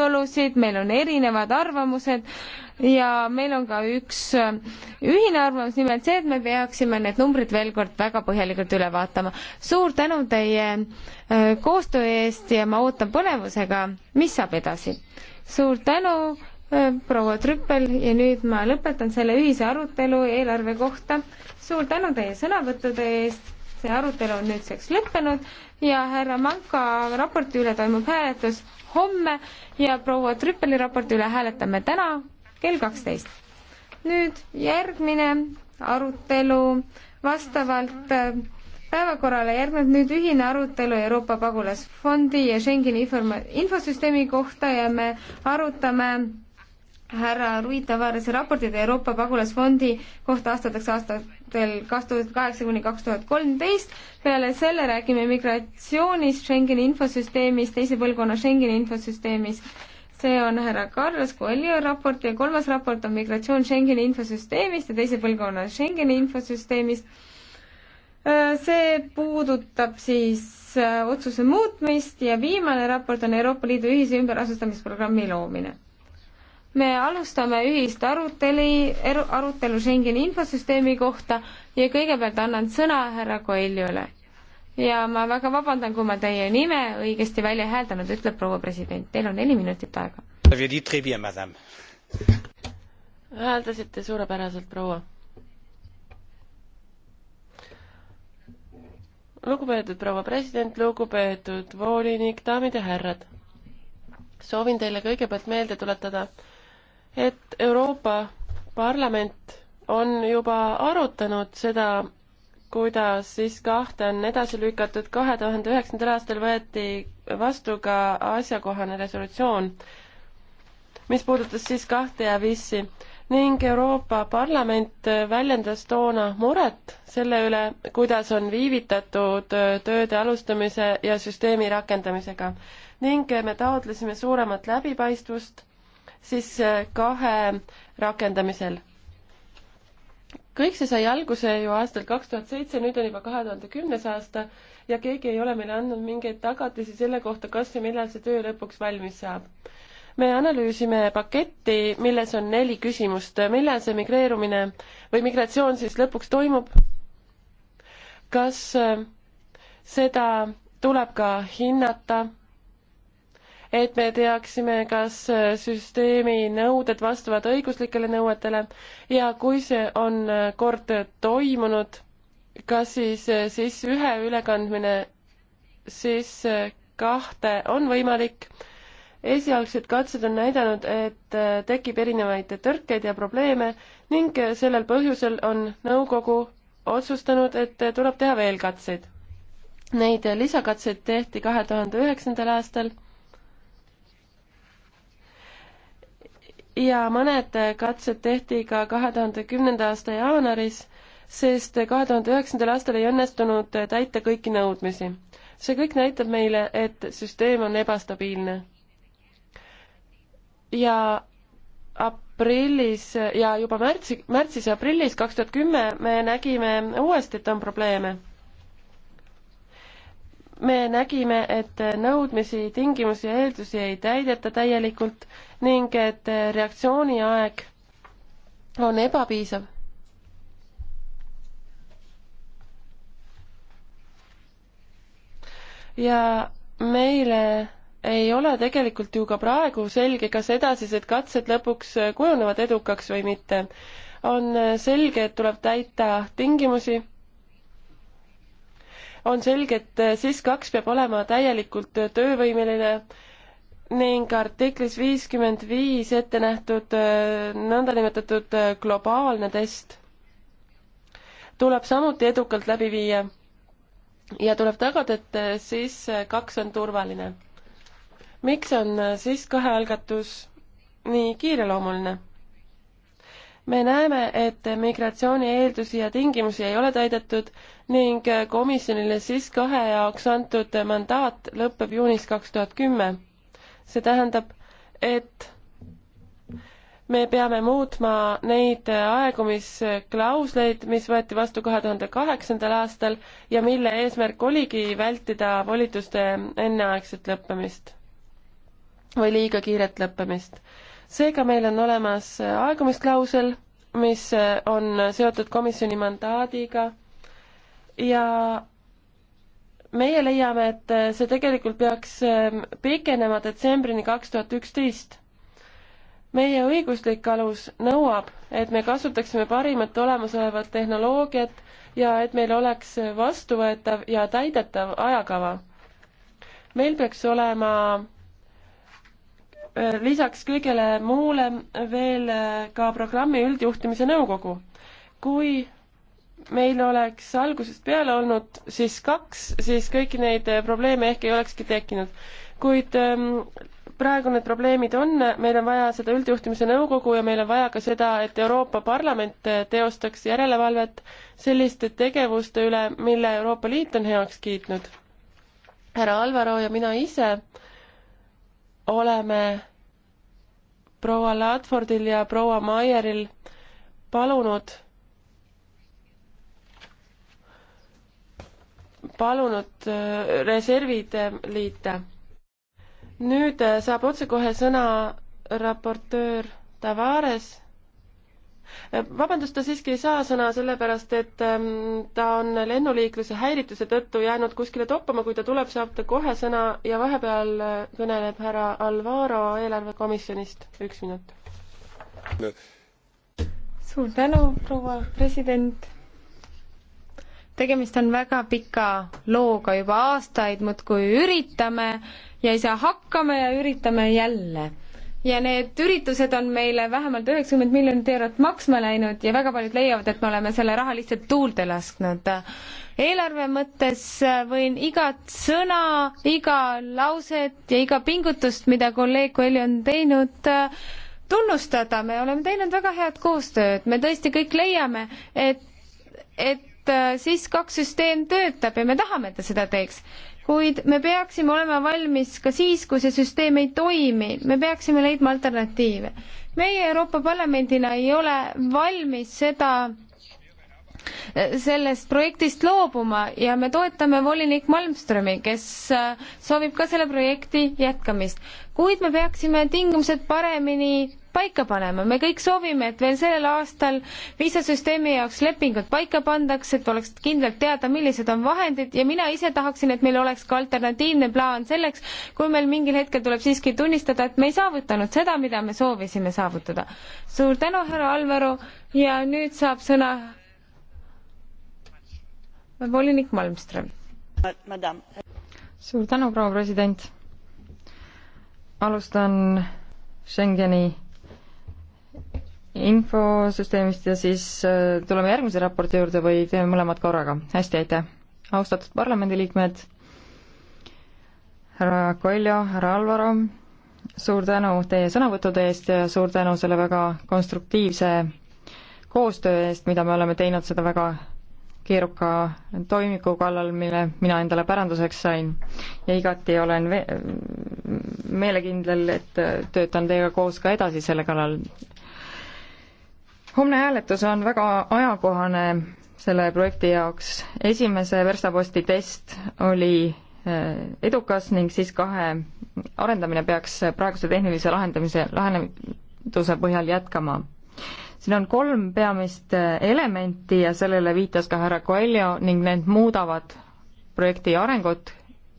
vastuolusid, meil on erinevad arvamused ja meil on ka üks äh, ühine arvamus, nimelt see, et me peaksime need numbrid veel kord väga põhjalikult üle vaatama. suur tänu teie äh, koostöö eest ja ma ootan põnevusega, mis saab edasi. suur tänu, äh, proua Trüppel ja nüüd ma lõpetan selle ühise arutelu eelarve kohta. suur tänu teie sõnavõttude eest, see arutelu on nüüdseks lõppenud ja härra Manka raporti üle toimub hääletus homme ja proua Trüppeli raporti üle hääletame täna kell kaksteist. nüüd järgmine arutelu vastavalt äh, päevakorrale järgneb nüüd ühine arutelu Euroopa pagulasfondi ja Schengeni infosüsteemi kohta ja me arutame härra Rui Tavarese raportid Euroopa pagulasfondi kohta aastateks aastatel kaks tuhat kaheksa kuni kaks tuhat kolmteist. peale selle räägime migratsioonist, Schengeni infosüsteemist, teise põlvkonna Schengeni infosüsteemis. see on härra Carlos Coelho raport ja kolmas raport on migratsioon Schengeni infosüsteemist ja teise põlvkonna Schengeni infosüsteemist. Äh, see puudutab siis äh, otsuse muutmist ja viimane raport on Euroopa Liidu ühise ümberasustamisprogrammi loomine me alustame ühist aruteli, arutelu Schengeni infosüsteemi kohta ja kõigepealt annan sõna härra Koiljule. ja ma väga vabandan, kui ma teie nime õigesti välja ei hääldanud, ütleb proua president, teil on neli minutit aega. hääldasite suurepäraselt, proua. lugupeetud proua president, lugupeetud volinik, daamid ja härrad. soovin teile kõigepealt meelde tuletada, et Euroopa Parlament on juba arutanud seda, kuidas siis kahte on edasi lükatud, kahe tuhande üheksandal aastal võeti vastu ka asjakohane resolutsioon, mis puudutas siis kahte ja viisi ning Euroopa Parlament väljendas toona muret selle üle, kuidas on viivitatud tööde alustamise ja süsteemi rakendamisega ning me taotlesime suuremat läbipaistvust siis äh, kahe rakendamisel. kõik see sai alguse ju aastal kaks tuhat seitse, nüüd on juba kahe tuhande kümnes aasta ja keegi ei ole meile andnud mingeid tagatisi selle kohta, kas ja millal see töö lõpuks valmis saab me analüüsime paketti, milles on neli küsimust, millal see migreerumine või migratsioon siis lõpuks toimub, kas äh, seda tuleb ka hinnata et me teaksime, kas süsteemi nõuded vastavad õiguslikele nõuetele ja kui see on kord toimunud, kas siis, siis ühe ülekandmine siis kahte on võimalik. esialgsed katsed on näidanud, et tekib erinevaid tõrkeid ja probleeme ning sellel põhjusel on nõukogu otsustanud, et tuleb teha veel katseid. Neid lisakatseid tehti kahe tuhande üheksandal aastal ja mõned katsed tehti ka kahe tuhande kümnenda aasta jaanuaris, sest kahe tuhande üheksandal aastal ei õnnestunud täita kõiki nõudmisi. see kõik näitab meile, et süsteem on ebastabiilne. ja aprillis ja juba märtsi, märtsis ja aprillis kaks tuhat kümme me nägime uuesti, et on probleeme. me nägime, et nõudmisi, tingimusi ja eeldusi ei täideta täielikult ning et reaktsiooniaeg on ebapiisav. ja meile ei ole tegelikult ju ka praegu selge, kas edasised katsed lõpuks kujunevad edukaks või mitte. on selge, et tuleb täita tingimusi. on selge, et SIS kaks peab olema täielikult töövõimeline ning artiklis viiskümmend viis ette nähtud äh, nõndanimetatud äh, globaalne test tuleb samuti edukalt läbi viia ja tuleb tagada, et äh, siis kaks on turvaline. miks on siis kahe algatus nii kiireloomuline? me näeme, et migratsiooni eeldusi ja tingimusi ei ole täidetud ning komisjonile siis kahe jaoks antud mandaat lõpeb juunis kaks tuhat kümme see tähendab, et me peame muutma neid aegumisklausleid, mis võeti vastu kahe tuhande kaheksandal aastal ja mille eesmärk oligi vältida volituste enneaegset lõppemist või liiga kiiret lõppemist. seega meil on olemas aegumisklausel, mis on seotud komisjoni mandaadiga ja meie leiame, et äh, see tegelikult peaks ähm, pikenema detsembrini kaks tuhat üksteist. meie õiguslik alus nõuab, et me kasutaksime parimat olemasolevat tehnoloogiat ja et meil oleks vastuvõetav ja täidetav ajakava. meil peaks olema äh, lisaks kõigele muule veel äh, ka programmi üldjuhtimise nõukogu. kui meil oleks algusest peale olnud siis kaks, siis kõiki neid eh, probleeme ehk ei olekski tekkinud. kuid ehm, praegu need probleemid on, meil on vaja seda üldjuhtimise nõukogu ja meil on vaja ka seda, et Euroopa Parlament eh, teostaks järelevalvet selliste tegevuste üle, mille Euroopa Liit on heaks kiitnud. härra Alvaro ja mina ise oleme proua Ladfordil ja proua Maieril palunud palunud äh, reservid äh, liita. nüüd äh, saab otsekohe sõna raportöör Tavares. vabandust, ta siiski ei saa sõna, sellepärast et ähm, ta on lennuliikluse häirituse tõttu jäänud kuskile toppama, kui ta tuleb, saab ta kohe sõna ja vahepeal kõneleb härra Alvaro eelarvekomisjonist, üks minut no.. suur tänu, proua president tegemist on väga pika looga, juba aastaid muudkui üritame ja ei saa hakkama ja üritame jälle. ja need üritused on meile vähemalt üheksakümmend miljonit eurot maksma läinud ja väga paljud leiavad, et me oleme selle raha lihtsalt tuulde lasknud. eelarve mõttes võin igat sõna, iga lauset ja iga pingutust, mida kolleeg Koeli on teinud, tunnustada, me oleme teinud väga head koostööd, me tõesti kõik leiame, et, et Äh, siis kaks süsteem töötab ja me tahame, et ta seda teeks. kuid me peaksime olema valmis ka siis, kui see süsteem ei toimi, me peaksime leidma alternatiive. meie Euroopa Parlamendina ei ole valmis seda äh, sellest projektist loobuma ja me toetame volinik Malmströmi, kes äh, soovib ka selle projekti jätkamist. kuid me peaksime tingimused paremini paika panema, me kõik soovime, et veel sellel aastal viisasüsteemi jaoks lepingud paika pandaks, et oleks kindlalt teada, millised on vahendid ja mina ise tahaksin, et meil oleks ka alternatiivne plaan selleks, kui meil mingil hetkel tuleb siiski tunnistada, et me ei saavutanud seda, mida me soovisime saavutada. suur tänu, härra Alvaru ja nüüd saab sõna volinik Malmström. suur tänu, proua president. alustan Schengeni infosüsteemist ja siis äh, tuleme järgmise raporti juurde või teeme mõlemad korraga? hästi, aitäh. austatud parlamendiliikmed, härra Koljo, härra Alvaro, suur tänu teie sõnavõttude eest ja suur tänu selle väga konstruktiivse koostöö eest, mida me oleme teinud seda väga keeruka toimiku kallal, mille mina endale päranduseks sain. ja igati olen meelekindel, et töötan teiega koos ka edasi selle kallal homne hääletus on väga ajakohane selle projekti jaoks. esimese verstaposti test oli eh, edukas ning siis kahe arendamine peaks praeguse tehnilise lahendamise, lahenduse põhjal jätkama. siin on kolm peamist eh, elementi ja sellele viitas ka härra Coelho ning need muudavad projekti arengut.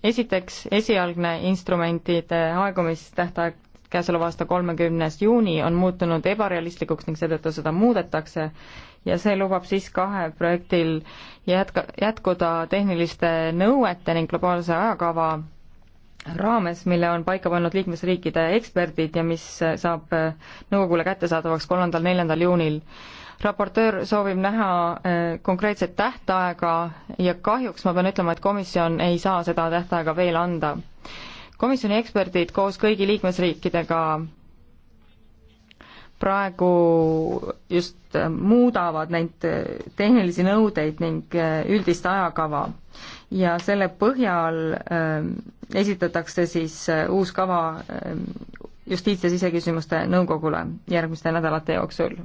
esiteks, esialgne instrumentide aegumistähtaeg käesoleva aasta kolmekümnes juuni on muutunud ebarealistlikuks ning seetõttu seda muudetakse ja see lubab siis kahe projektil jätka, jätkuda tehniliste nõuete ning globaalse ajakava raames, mille on paika pannud liikmesriikide eksperdid ja mis saab nõukogule kättesaadavaks kolmandal, neljandal juunil. raportöör soovib näha eh, konkreetset tähtaega ja kahjuks ma pean ütlema, et komisjon ei saa seda tähtaega veel anda komisjoni eksperdid koos kõigi liikmesriikidega praegu just äh, muudavad neid äh, tehnilisi nõudeid ning äh, üldist ajakava. ja selle põhjal esitatakse siis uus kava justiits- ja siseküsimuste nõukogule järgmiste nädalate jooksul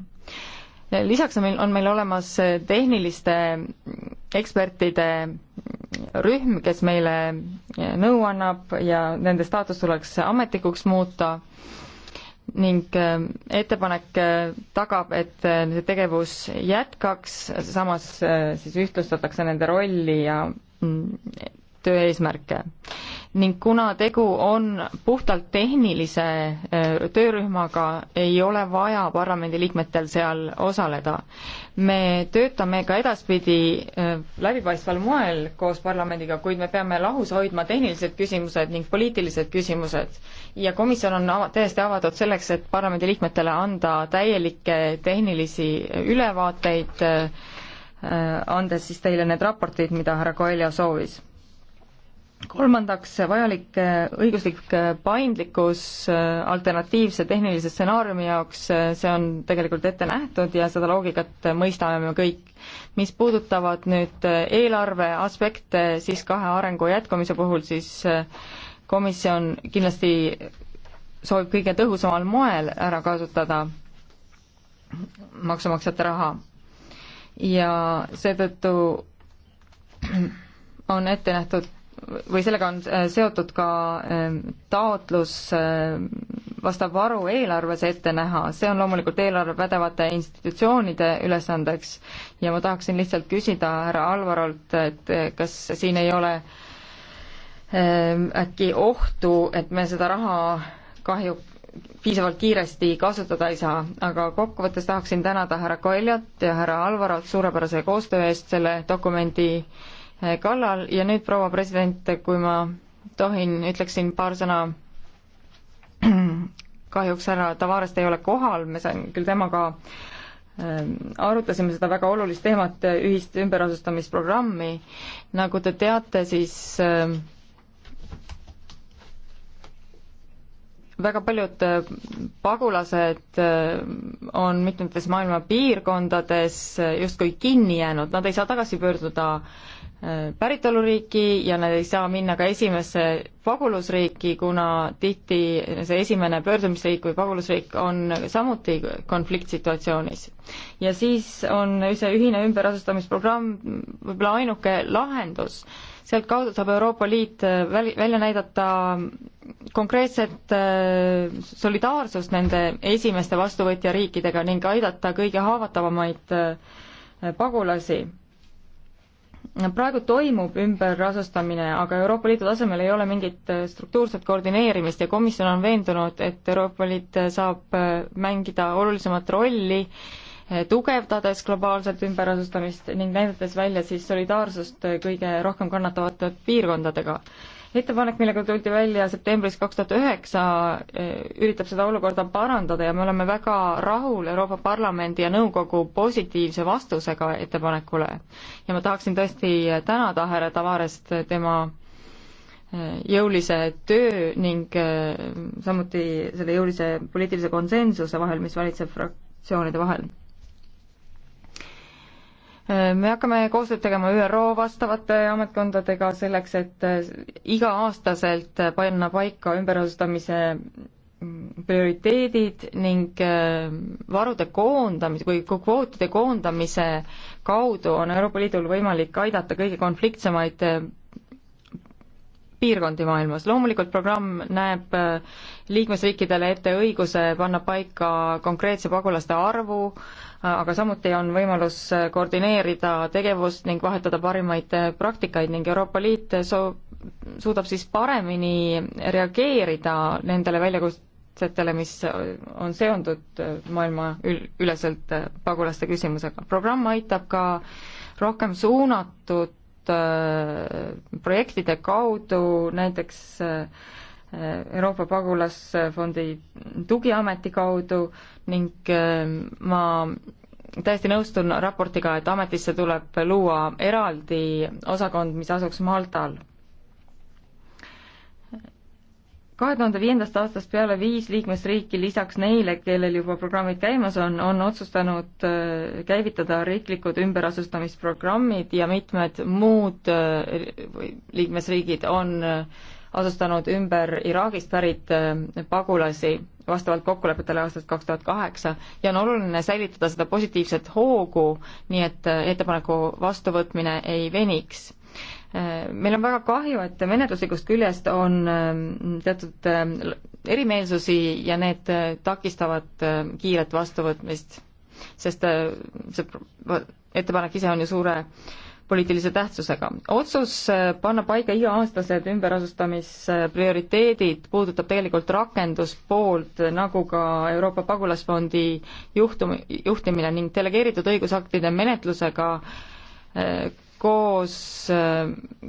lisaks on meil, on meil olemas tehniliste ekspertide rühm, kes meile nõu annab ja nende staatus tuleks ametlikuks muuta ning äh, ettepanek äh, tagab, et äh, see tegevus jätkaks, samas siis ühtlustatakse nende rolli ja mm, töö eesmärke ning kuna tegu on puhtalt tehnilise töörühmaga, ei ole vaja parlamendiliikmetel seal osaleda. me töötame ka edaspidi läbipaistval moel koos parlamendiga, kuid me peame lahus hoidma tehnilised küsimused ning poliitilised küsimused. ja komisjon on ava-, täiesti avatud selleks, et parlamendiliikmetele anda täielikke tehnilisi ülevaateid, andes siis teile need raportid, mida härra Coelho soovis kolmandaks, vajalik äh, õiguslik äh, paindlikkus äh, alternatiivse tehnilise stsenaariumi jaoks, see on tegelikult ette nähtud ja seda loogikat mõistame me kõik. mis puudutavad nüüd eelarve aspekte, siis kahe arengu jätkumise puhul, siis komisjon kindlasti soovib kõige tõhusamal moel ära kasutada maksumaksjate raha. ja seetõttu on ette nähtud või sellega on äh, seotud ka ähm, taotlus äh, vastav varu eelarves ette näha, see on loomulikult eelarve pädevate institutsioonide ülesandeks ja ma tahaksin lihtsalt küsida härra Alvarolt, et äh, kas siin ei ole ähm, äkki ohtu, et me seda raha kahju piisavalt kiiresti kasutada ei saa, aga kokkuvõttes tahaksin tänada härra Koeljat ja härra Alvarot suurepärase koostöö eest selle dokumendi äh, kallal ja nüüd, proua president, kui ma tohin, ütleksin paar sõna kahjuks härra Tavarest ei ole kohal, me sain küll temaga ähm, arutasime seda väga olulist teemat, äh, ühist ümberasustamisprogrammi. nagu te teate, siis ähm, väga paljud äh, pagulased äh, on mitmetes maailma piirkondades justkui kinni jäänud, nad ei saa tagasi pöörduda äh, Äh, päritoluriiki ja nad ei saa minna ka esimesse pagulasriiki, kuna tihti see esimene pöördumisriik või pagulasriik on samuti konfliktsituatsioonis. ja siis on see ühine ümberasustamisprogramm võib-olla ainuke lahendus. sealtkaudu saab Euroopa Liit äh, väl-, välja näidata konkreetset äh, solidaarsust nende esimeste vastuvõtjariikidega ning aidata kõige haavatavamaid pagulasi praegu toimub ümberasustamine, aga Euroopa Liidu tasemel ei ole mingit äh, struktuurset koordineerimist ja komisjon on veendunud, et Euroopa Liit äh, saab äh, mängida olulisemat rolli, tugevdades globaalselt ümberasustamist ning näidates välja siis solidaarsust kõige rohkem kannatavate piirkondadega ettepanek, millega tuldi välja septembris kaks tuhat üheksa, eh, üritab seda olukorda parandada ja me oleme väga rahul Euroopa Parlamendi ja Nõukogu positiivse vastusega ettepanekule. ja ma tahaksin tõesti tänada härra Tavarest tema eh, jõulise töö ning eh, samuti selle jõulise poliitilise konsensuse vahel, mis valitseb fraktsioonide vahel me hakkame koostööd tegema ÜRO vastavate ametkondadega selleks, et eh, iga-aastaselt panna paika ümberasustamise mm, prioriteedid ning eh, varude koondamise või kvootide koondamise kaudu on Euroopa Liidul võimalik aidata kõige konfliktsemaid eh, piirkondi maailmas. loomulikult programm näeb liikmesriikidele ette õiguse panna paika konkreetse pagulaste arvu, aga samuti on võimalus äh, koordineerida tegevust ning vahetada parimaid äh, praktikaid ning Euroopa Liit soo-, suudab siis paremini reageerida nendele väljakutsetele, mis äh, on seondud maailma ül-, üleselt pagulaste küsimusega. programm aitab ka rohkem suunatud projektide kaudu näiteks äh, Euroopa Pagulasfondi tugiameti kaudu ning ähm, ma täiesti nõustun raportiga, et ametisse tuleb luua eraldi osakond, mis asuks Maltal. kahe tuhande viiendast aastast peale viis liikmesriiki lisaks neile, kellel juba programmid käimas on, on otsustanud äh, käivitada riiklikud ümberasustamisprogrammid ja mitmed muud äh, liikmesriigid on äh, asustanud ümber Iraagist pärit äh, pagulasi vastavalt kokkulepetele aastast kaks tuhat kaheksa ja on oluline säilitada seda positiivset hoogu, nii et äh, ettepaneku vastuvõtmine ei veniks. Äh, meil on väga kahju, et menetluslikust küljest on teatud erimeelsusi ja need takistavad kiiret vastuvõtmist, sest see ettepanek ise on ju suure äh, poliitilise tähtsusega. otsus äh, panna paika iga-aastased ümberasustamisprioriteedid puudutab tegelikult rakenduspoolt, äh, nagu ka Euroopa pagulasfondi juhtum, juhtimine ning delegeeritud õigusaktide menetlusega äh, koos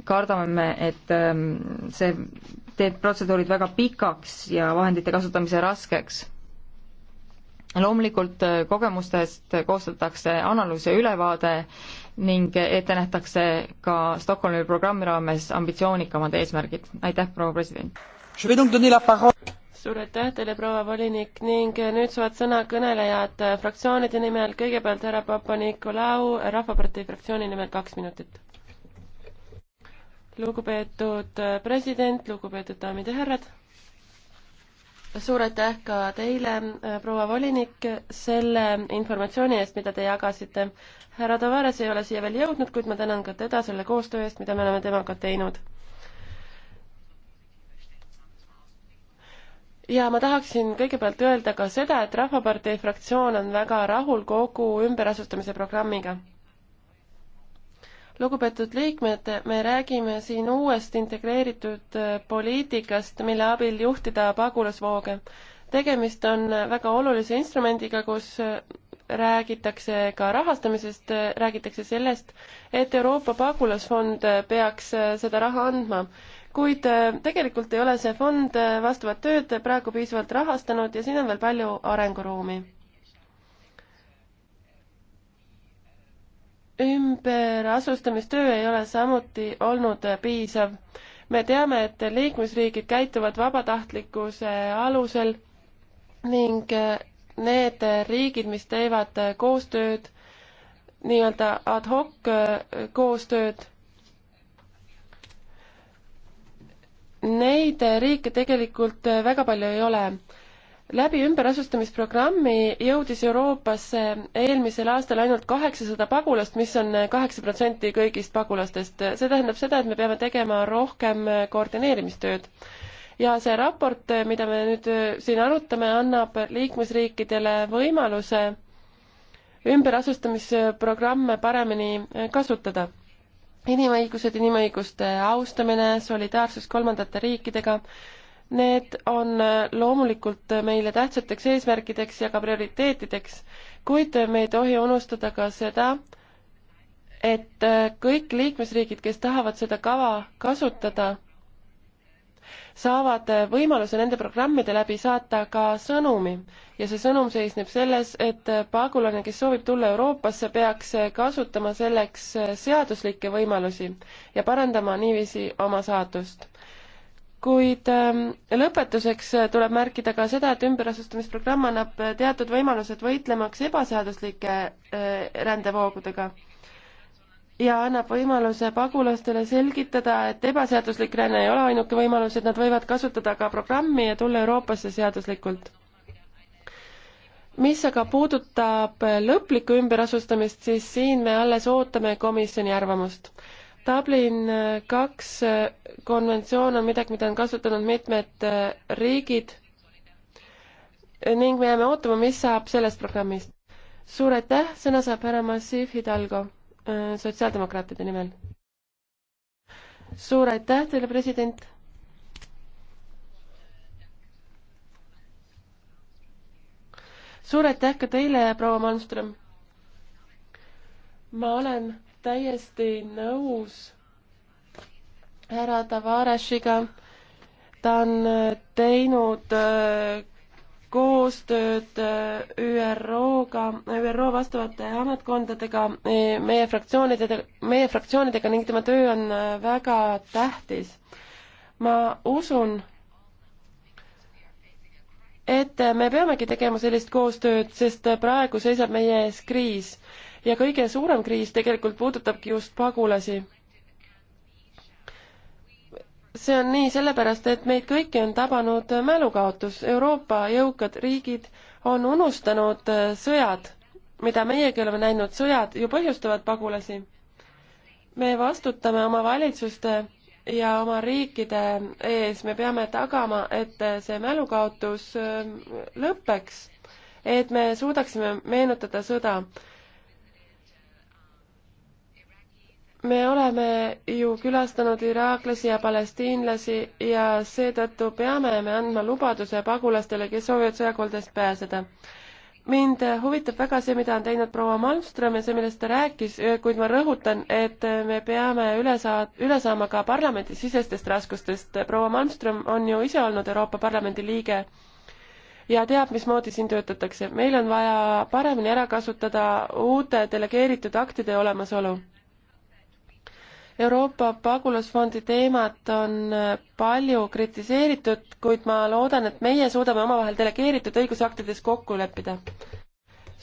kardame me, et ähm, see teeb protseduurid väga pikaks ja vahendite kasutamise raskeks loomulikult äh, kogemustest koostatakse analüüs ja ülevaade ning äh, ette nähtakse ka Stockholmi programmi raames ambitsioonikamad eesmärgid. aitäh, proua president! suur aitäh teile, proua volinik ning äh, nüüd saavad sõna kõnelejad fraktsioonide nimel, kõigepealt härra Papa-Nikolau Rahvapartei fraktsiooni nimel kaks minutit. lugupeetud president, lugupeetud daamid ja härrad suur aitäh ka teile, äh, proua volinik, selle informatsiooni eest, mida te jagasite. härra Tavares ei ole siia veel jõudnud, kuid ma tänan ka teda selle koostöö eest, mida me oleme temaga teinud. ja ma tahaksin kõigepealt öelda ka seda, et Rahvapartei fraktsioon on väga rahul kogu ümberasustamise programmiga lugupeetud liikmed, me räägime siin uuest integreeritud äh, poliitikast, mille abil juhtida pagulasvooge. tegemist on väga olulise instrumendiga, kus äh, räägitakse ka rahastamisest, äh, räägitakse sellest, et Euroopa pagulasfond peaks seda raha andma. kuid tegelikult ei ole see fond vastavat tööd praegu piisavalt rahastanud ja siin on veel palju arenguruumi ümberasustamistöö ei ole samuti olnud piisav. me teame, et liikmesriigid käituvad vabatahtlikkuse alusel ning need riigid, mis teevad koostööd, nii-öelda ad hoc koostööd, neid riike tegelikult väga palju ei ole läbi ümberasustamisprogrammi jõudis Euroopasse eelmisel aastal ainult kaheksasada pagulast, mis on kaheksa protsenti kõigist pagulastest. see tähendab seda, et me peame tegema rohkem koordineerimistööd. ja see raport, mida me nüüd siin arutame, annab liikmesriikidele võimaluse ümberasustamisprogramme paremini kasutada inimõigused, inimõiguste austamine, solidaarsus kolmandate riikidega, Need on äh, loomulikult äh, meile tähtsateks eesmärkideks ja ka prioriteetideks, kuid äh, me ei tohi unustada ka seda, et kõik liikmesriigid, kes tahavad seda kava kasutada, saavad võimaluse nende programmide läbi saata ka sõnumi ja see sõnum seisneb selles, et pagulane, kes soovib tulla Euroopasse, peaks kasutama selleks seaduslikke võimalusi ja parandama niiviisi oma saatust kuid ähm, lõpetuseks äh, tuleb märkida ka seda, et ümberasustamisprogramm annab äh, teatud võimalused võitlemaks ebaseaduslike äh, rändevoogudega ja annab võimaluse pagulastele selgitada, et ebaseaduslik ränne ei ole ainuke võimalus, et nad võivad kasutada ka programmi ja tulla Euroopasse seaduslikult. mis aga puudutab lõplikku ümberasustamist, siis siin me alles ootame komisjoni arvamust Dublin äh, kaks äh, konventsioon on midagi, mida on kasutanud mitmed äh, riigid ning me jääme ootama, mis saab sellest programmist. suur aitäh, sõna saab härra Massiv Hidalgo sotsiaaldemokraatide nimel. suur aitäh teile, president suur aitäh ka teile, proua Malmström. ma olen täiesti nõus härra Tavaresiga. ta on äh, teinud äh, koostööd äh, ÜRO-ga, ÜRO vastavate ametkondadega, e, meie fraktsioonidega, meie fraktsioonidega ning tema töö on väga tähtis. ma usun, et me peamegi tegema sellist koostööd, sest praegu seisab meie ees kriis ja kõige suurem kriis tegelikult puudutabki just pagulasi. see on nii sellepärast, et meid kõiki on tabanud mälukaotus. Euroopa jõukad riigid on unustanud äh, sõjad, mida meiegi oleme näinud, sõjad ju põhjustavad pagulasi. me vastutame oma valitsuste ja oma riikide ees me peame tagama, et äh, see mälukaotus äh, lõpeks, et me suudaksime meenutada sõda. me oleme ju külastanud iraaklasi ja palestiinlasi ja seetõttu peame me andma lubaduse pagulastele, kes soovivad sõjakoldest pääseda mind huvitab väga see, mida on teinud proua Malmström ja see, millest ta rääkis, kuid ma rõhutan, et me peame üle saa-, üle saama ka parlamendisisestest raskustest. proua Malmström on ju ise olnud Euroopa Parlamendi liige ja teab, mismoodi siin töötatakse. meil on vaja paremini ära kasutada uute delegeeritud aktide olemasolu Euroopa pagulasfondi teemat on äh, palju kritiseeritud, kuid ma loodan, et meie suudame omavahel delegeeritud õigusaktides kokku leppida.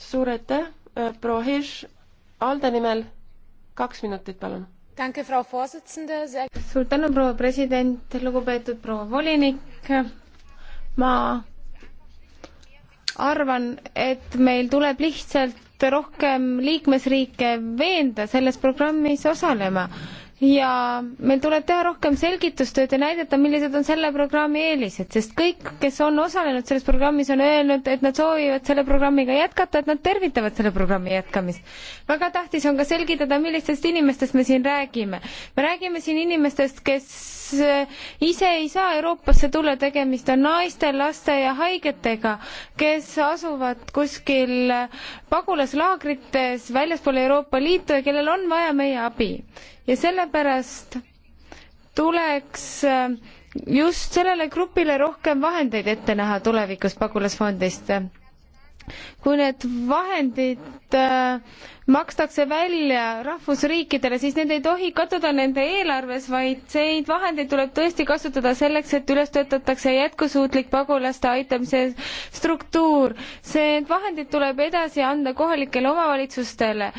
suur aitäh, äh, proua Hirš, ALDE nimel kaks minutit, palun. suur tänu, proua president, lugupeetud proua volinik, ma arvan, et meil tuleb lihtsalt rohkem liikmesriike veenda selles programmis osalema ja meil tuleb teha rohkem selgitustööd ja näidata, millised on selle programmi eelised, sest kõik, kes on osalenud selles programmis, on öelnud, et nad soovivad selle programmiga jätkata, et nad tervitavad selle programmi jätkamist. väga tähtis on ka selgitada, millistest inimestest me siin räägime. me räägime siin inimestest, kes eh, ise ei saa Euroopasse tulla, tegemist on naiste, laste ja haigetega, kes asuvad kuskil eh, pagulaslaagrites väljaspool Euroopa Liitu ja kellel on vaja meie abi ja sellepärast tuleks äh, just sellele grupile rohkem vahendeid ette näha tulevikus pagulasfondist kui need vahendid äh, makstakse välja rahvusriikidele, siis need ei tohi kaduda nende eelarves, vaid neid vahendeid tuleb tõesti kasutada selleks, et üles töötatakse jätkusuutlik pagulaste aitamise struktuur. Need vahendid tuleb edasi anda kohalikele omavalitsustele,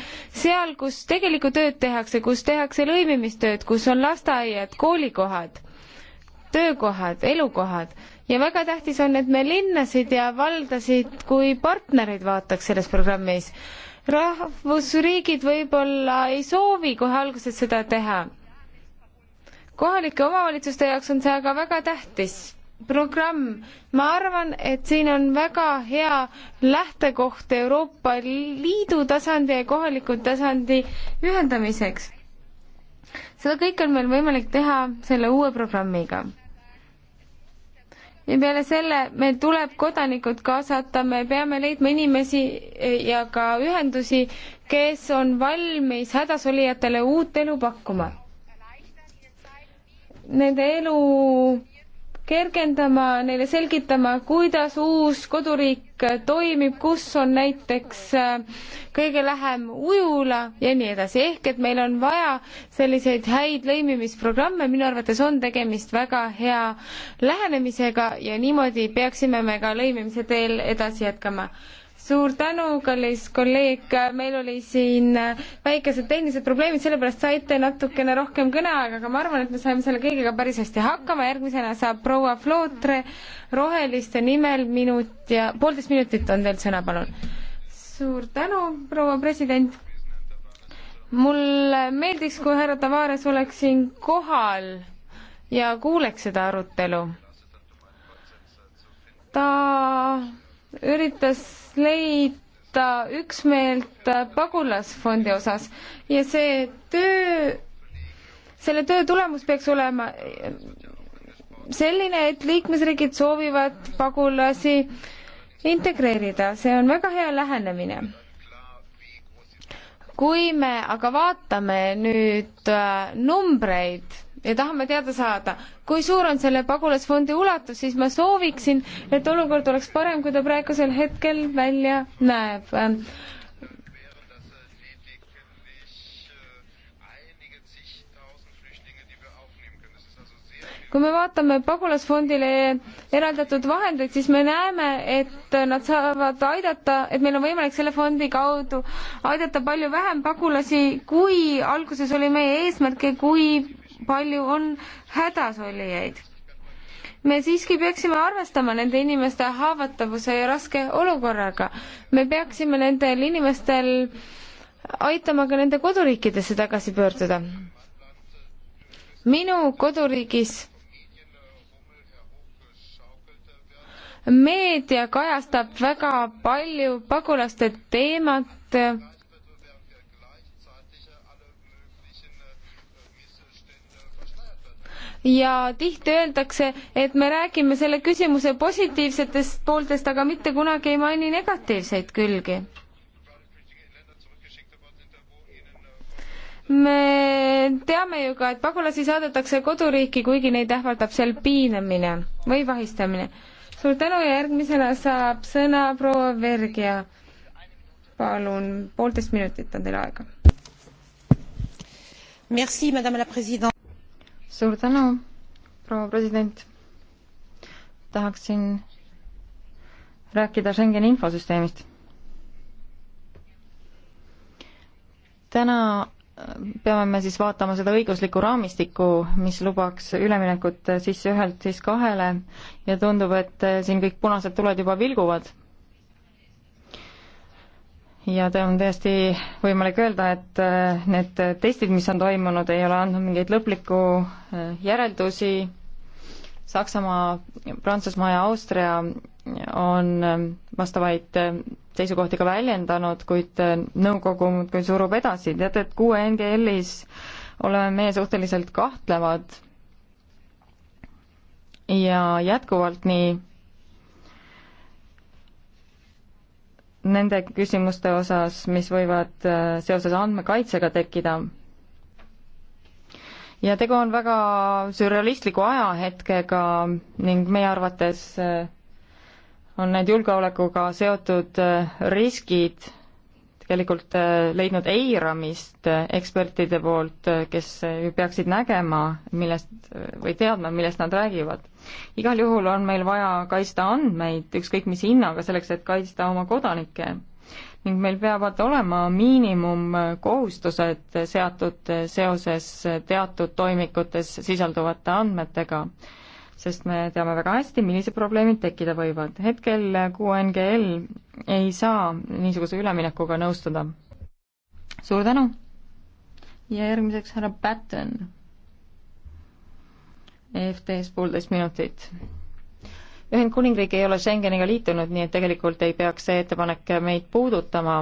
seal, kus tegelikku tööd tehakse, kus tehakse lõimimistööd, kus on lasteaiad, koolikohad töökohad, elukohad ja väga tähtis on, et me linnasid ja valdasid kui partnereid vaataks selles programmis. rahvusriigid võib-olla ei soovi kohe alguses seda teha. kohalike omavalitsuste jaoks on see aga väga tähtis programm. ma arvan, et siin on väga hea lähtekoht Euroopa Liidu tasandi ja kohaliku tasandi ühendamiseks. seda kõike on meil võimalik teha selle uue programmiga ja peale selle meil tuleb kodanikud kaasata, me peame leidma inimesi ja ka ühendusi, kes on valmis hädasolijatele uut elu pakkuma. Nende elu kergendama, neile selgitama, kuidas uus koduriik toimib, kus on näiteks äh, kõige lähem ujula ja nii edasi, ehk et meil on vaja selliseid häid lõimimisprogramme, minu arvates on tegemist väga hea lähenemisega ja niimoodi peaksime me ka lõimimise teel edasi jätkama suur tänu, kallis kolleeg, meil oli siin väikesed tehnilised probleemid, sellepärast saite natukene rohkem kõneaega, aga ma arvan, et me saime selle kõigega päris hästi hakkama, järgmisena saab proua Flootre Roheliste nimel minut ja poolteist minutit on teil sõna, palun. suur tänu, proua president. mulle meeldiks, kui härra Tavares oleks siin kohal ja kuuleks seda arutelu. ta üritas leida üksmeelt pagulasfondi osas ja see töö, selle töö tulemus peaks olema selline, et liikmesriigid soovivad pagulasi integreerida, see on väga hea lähenemine. kui me aga vaatame nüüd äh, numbreid ja tahame teada saada, kui suur on selle pagulasfondi ulatus, siis ma sooviksin, et olukord oleks parem, kui ta praegusel hetkel välja näeb. kui me vaatame pagulasfondile eraldatud vahendeid, siis me näeme, et nad saavad aidata, et meil on võimalik selle fondi kaudu aidata palju vähem pagulasi, kui alguses oli meie eesmärk ja kui palju on hädasolijaid. me siiski peaksime arvestama nende inimeste haavatavuse ja raske olukorraga. me peaksime nendel inimestel aitama ka nende koduriikidesse tagasi pöörduda. minu koduriigis meedia kajastab väga palju pagulaste teemat ja tihti öeldakse, et me räägime selle küsimuse positiivsetest pooltest, aga mitte kunagi ei maini negatiivseid külgi. me teame ju ka, et pagulasi saadetakse koduriiki, kuigi neid ähvardab seal piinamine või vahistamine. suur tänu ja järgmisena saab sõna proua Vergia. palun, poolteist minutit on teil aega. Merci, madame la présidente suur tänu, proua president. tahaksin rääkida Schengeni infosüsteemist. täna peame me siis vaatama seda õiguslikku raamistikku, mis lubaks üleminekut sisse ühelt siis kahele ja tundub, et siin kõik punased tuled juba vilguvad ja ta on täiesti võimalik öelda, et äh, need testid, mis on toimunud, ei ole andnud mingeid lõplikku äh, järeldusi. Saksamaa, Prantsusmaa ja Austria on äh, vastavaid seisukohti ka väljendanud, kuid nõukogu muudkui surub edasi. teate, et kuue NGL-is oleme meie suhteliselt kahtlevad ja jätkuvalt nii nende küsimuste osas, mis võivad äh, seoses andmekaitsega tekkida. ja tegu on väga sürrealistliku ajahetkega ning meie arvates äh, on need julgeolekuga seotud äh, riskid tegelikult leidnud eiramist ekspertide poolt, kes ju peaksid nägema, millest või teadma, millest nad räägivad igal juhul on meil vaja kaitsta andmeid ükskõik mis hinnaga, selleks et kaitsta oma kodanikke ning meil peavad olema miinimumkohustused seatud seoses teatud toimikutes sisalduvate andmetega, sest me teame väga hästi, millised probleemid tekkida võivad. hetkel QNGL ei saa niisuguse üleminekuga nõustuda. suur tänu! ja järgmiseks härra Patten EFT-s poolteist minutit. Ühendkuningriik ei ole Schengeniga liitunud, nii et tegelikult ei peaks see ettepanek meid puudutama.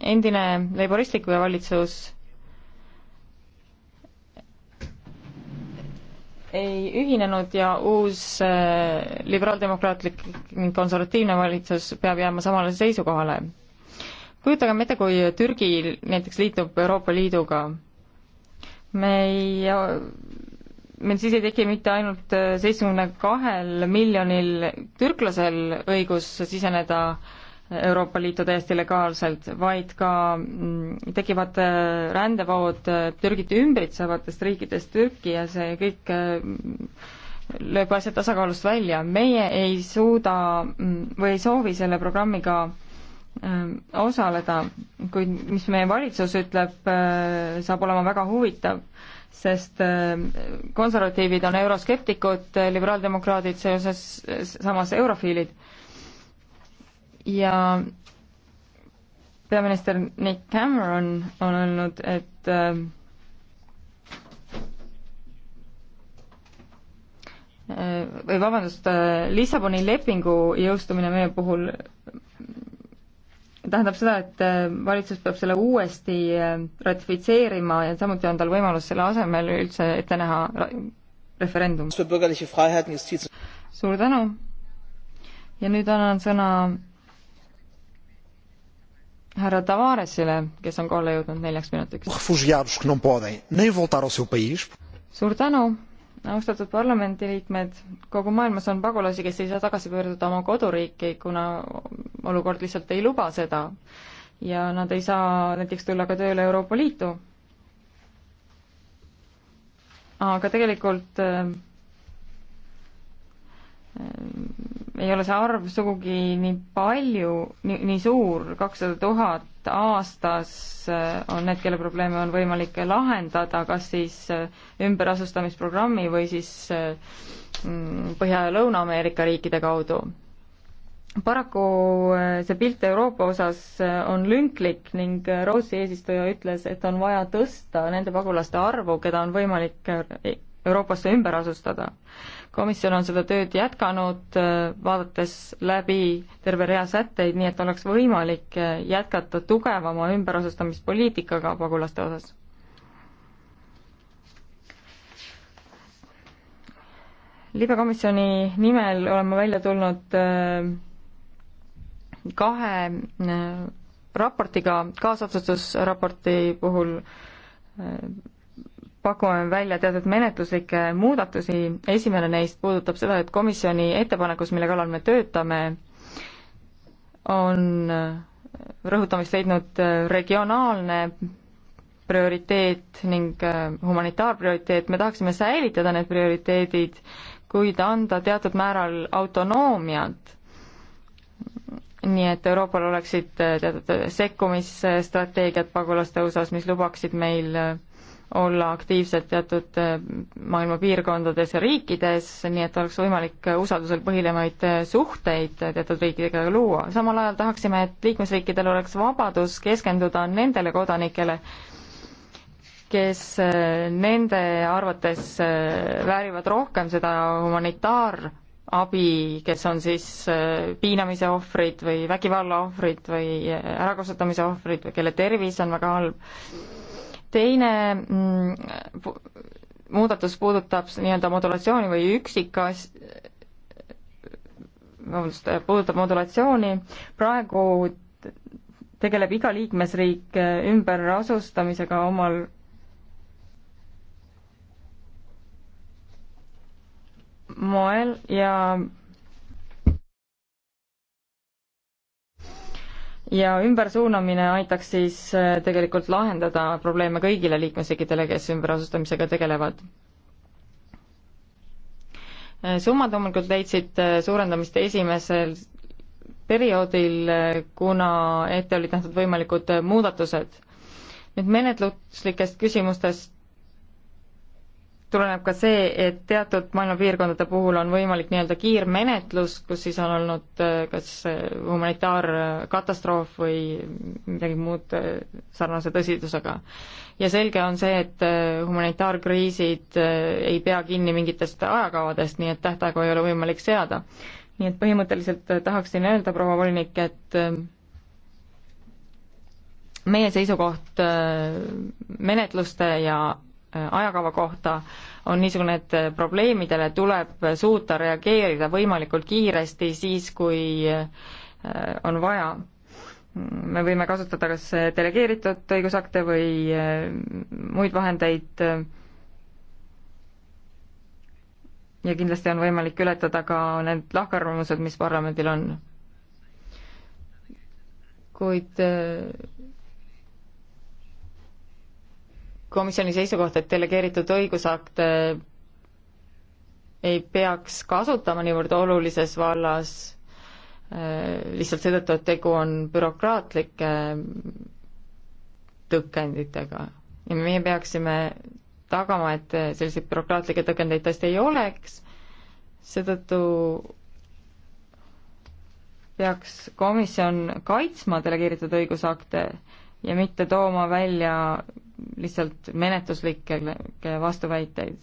endine laboristlik valitsus ei ühinenud ja uus äh, liberaaldemokraatlik ning konservatiivne valitsus peab jääma samale seisukohale. kujutagem ette, kui Türgi näiteks liitub Euroopa Liiduga. me ei meil siis ei teki mitte ainult äh, seitsmekümne kahel miljonil türklasel õigus siseneda Euroopa Liitu täiesti legaalselt, vaid ka mm, tekivad äh, rändevood äh, Türgit ümbritsevatest riikidest Türki ja see kõik lööb asjad tasakaalust välja. meie ei suuda mm, või ei soovi selle programmiga ähm, osaleda, kuid mis meie valitsus ütleb, saab olema väga huvitav sest ähm, konservatiivid on euroskeptikud, liberaaldemokraadid seoses samas eurofiilid. ja peaminister Nick Cameron on öelnud, et ähm, äh, või vabandust, äh, Lissaboni lepingu jõustumine meie puhul tähendab seda, et äh, valitsus peab selle uuesti äh, ratifitseerima ja samuti on tal võimalus selle asemel üldse ette näha referendum. suur tänu ja nüüd annan sõna härra Tavaresile, kes on kohale jõudnud neljaks minutiks. suur tänu austatud parlamendiliikmed, kogu maailmas on pagulasi, kes ei saa tagasi pöörduda oma koduriiki, kuna olukord lihtsalt ei luba seda. ja nad ei saa näiteks tulla ka tööle Euroopa Liitu. aga tegelikult äh, äh ei ole see arv sugugi nii palju, nii, nii suur, kakssada tuhat miljonit aastas äh, on need, kelle probleeme on võimalik lahendada, kas siis äh, ümberasustamisprogrammi või siis äh, mm, Põhja- ja Lõuna-Ameerika riikide kaudu. paraku see pilt Euroopa osas on lünklik ning Rootsi eesistuja ütles, et on vaja tõsta nende pagulaste arvu, keda on võimalik Euroopasse ümber asustada komisjon on seda tööd jätkanud, äh, vaadates läbi terve rea sätteid, nii et oleks võimalik äh, jätkata tugevama ümberasustamispoliitikaga pagulaste osas. libekomisjoni nimel olen ma välja tulnud äh, kahe raportiga, kaasotsustusraporti puhul pakume välja teatud menetluslikke muudatusi, esimene neist puudutab seda, et komisjoni ettepanekus, mille kallal me töötame, on rõhutamist leidnud regionaalne prioriteet ning humanitaarprioriteet, me tahaksime säilitada need prioriteedid, kuid anda teatud määral autonoomiat, nii et Euroopal oleksid teatud sekkumisstrateegiad pagulaste osas, mis lubaksid meil äh, olla aktiivsed teatud äh, maailma piirkondades ja riikides, nii et oleks võimalik usaldusel põhinevaid äh, suhteid teatud riikidega luua. samal ajal tahaksime, et liikmesriikidel oleks vabadus keskenduda nendele kodanikele, kes äh, nende arvates väärivad rohkem seda humanitaarabi, kes on siis piinamise ohvrid või vägivalla ohvrid või ärakasutamise ohvrid või kelle tervis on väga halb teine mm, muudatus puudutab nii-öelda modulatsiooni või üksikas, vabandust, puudutab modulatsiooni, praegu tegeleb iga liikmesriik äh, ümberasustamisega omal moel ja ja ümbersuunamine aitaks siis äh, tegelikult lahendada probleeme kõigile liikmesriikidele, kes ümberasustamisega tegelevad. Äh, summad loomulikult leidsid äh, suurendamist esimesel perioodil, kuna ette olid nähtud võimalikud muudatused. nüüd menetluslikest küsimustest tuleneb ka see, et teatud maailma piirkondade puhul on võimalik nii-öelda kiirmenetlus, kus siis on olnud äh, kas äh, humanitaarkatastroof või midagi muud äh, sarnase tõsidusega. ja selge on see, et humanitaarkriisid ei pea kinni mingitest ajakavadest, nii et tähtaegu ei ole võimalik seada. nii et põhimõtteliselt tahaksin öelda, proua volinik, et meie seisukoht menetluste ja ajakava kohta on niisugune, et probleemidele tuleb suuta reageerida võimalikult kiiresti, siis kui äh, on vaja. me võime kasutada kas delegeeritud õigusakte või äh, muid vahendeid ja kindlasti on võimalik ületada ka need lahkarvamused, mis parlamendil on. kuid äh, komisjoni seisukoht, et delegeeritud õigusakte äh, ei peaks kasutama niivõrd olulises vallas äh, lihtsalt seetõttu, et tegu on bürokraatlike äh, tõkenditega ja meie peaksime tagama, et selliseid bürokraatlikke tõkendeid tõesti ei oleks, seetõttu peaks komisjon kaitsma delegeeritud õigusakte ja mitte tooma välja lihtsalt menetluslikke vastuväiteid.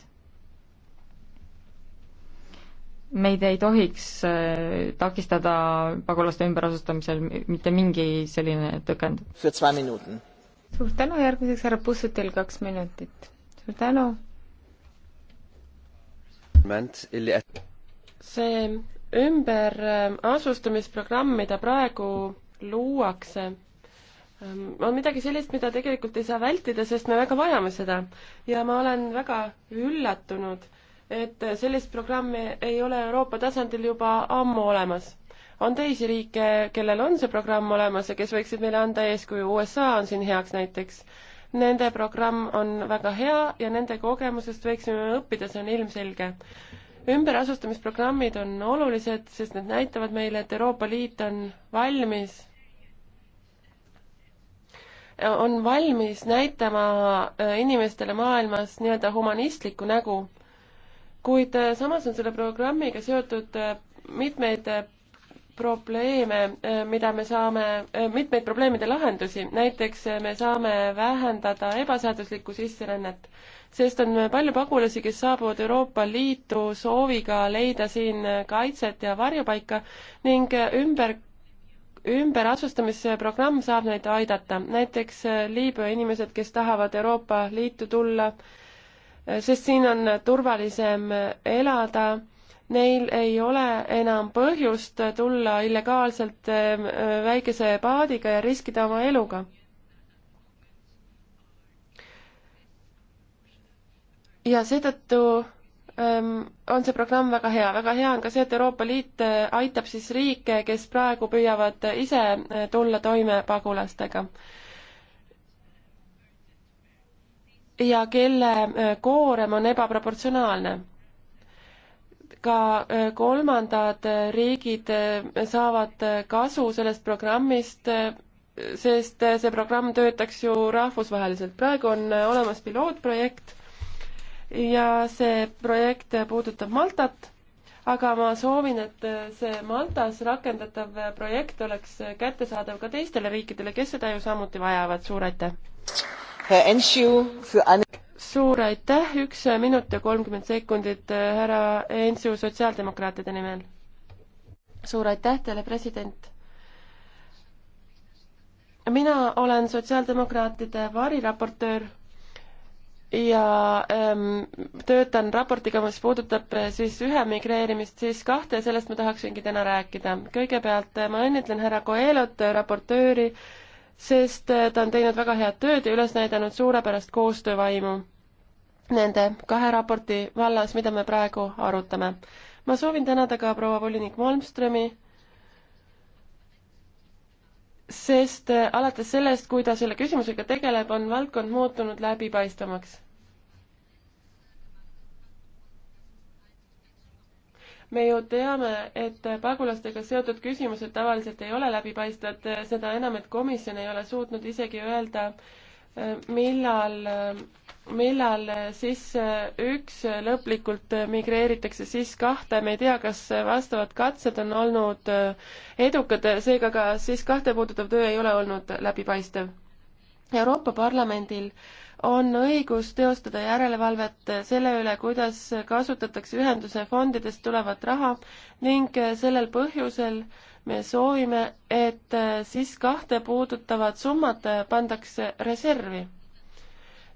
meid ei tohiks äh, takistada pagulaste ümberasustamisel mitte mingi selline tõkend. suur tänu, järgmiseks härra Pussutil kaks minutit. suur tänu. see ümberasustamisprogramm, äh, mida praegu luuakse Ehm, on midagi sellist, mida tegelikult ei saa vältida, sest me väga vajame seda. ja ma olen väga üllatunud, et sellist programmi ei ole Euroopa tasandil juba ammu olemas. on teisi riike, kellel on see programm olemas ja kes võiksid meile anda eeskuju, USA on siin heaks näiteks. Nende programm on väga hea ja nende kogemusest võiksime õppida, see on ilmselge ümberasustamisprogrammid on olulised, sest need näitavad meile, et Euroopa Liit on valmis on valmis näitama äh, inimestele maailmas nii-öelda humanistlikku nägu, kuid äh, samas on selle programmiga seotud äh, mitmeid probleeme, mida me saame, mitmeid probleemide lahendusi, näiteks me saame vähendada ebaseaduslikku sisserännet, sest on palju pagulasi, kes saabuvad Euroopa Liitu sooviga leida siin kaitset ja varjupaika ning ümber ümberasustamise programm saab neid aidata, näiteks äh, Liibüa inimesed, kes tahavad Euroopa Liitu tulla, äh, sest siin on turvalisem äh, elada, neil ei ole enam põhjust tulla illegaalselt väikese paadiga ja riskida oma eluga. ja seetõttu on see programm väga hea. väga hea on ka see, et Euroopa Liit äh, aitab siis riike, kes praegu püüavad ise äh, tulla toime pagulastega. ja kelle äh, koorem on ebaproportsionaalne. ka kolmandad riigid saavad kasu sellest programmist sest see programm töötaks ju rahvusvaheliselt. praegu on olemas pilootprojekt ja see projekt puudutab Maltat, aga ma soovin, et see Maltas rakendatav projekt oleks kättesaadav ka teistele riikidele, kes seda ju samuti vajavad, suur aitäh! suur aitäh, üks minut ja kolmkümmend sekundit härra Ensu sotsiaaldemokraatide nimel. suur aitäh teile, president! mina olen sotsiaaldemokraatide variraportöör ja ähm, töötan raportiga, mis puudutab äh, siis ühe migreerimist, siis kahte ja sellest ma tahaksingi täna rääkida. kõigepealt äh, ma õnnitlen härra Coelot, äh, raportööri, sest ta on teinud väga head tööd ja üles näidanud suurepärast koostöövaimu nende kahe raporti vallas, mida me praegu arutame. ma soovin tänada ka proua volinik Malmströmi sest äh, alates sellest, kui ta selle küsimusega tegeleb, on valdkond muutunud läbipaistvamaks. me ju teame, et pagulastega seotud küsimused tavaliselt ei ole läbipaistvad, seda enam, et komisjon ei ole suutnud isegi öelda, äh, millal äh, millal siis üks lõplikult migreeritakse siis kahte, me ei tea, kas vastavad katsed on olnud edukad, seega ka siis kahte puudutav töö ei ole olnud läbipaistev. Euroopa Parlamendil on õigus teostada järelevalvet selle üle, kuidas kasutatakse ühenduse fondidest tulevat raha ning sellel põhjusel me soovime, et siis kahte puudutavad summad pandakse reservi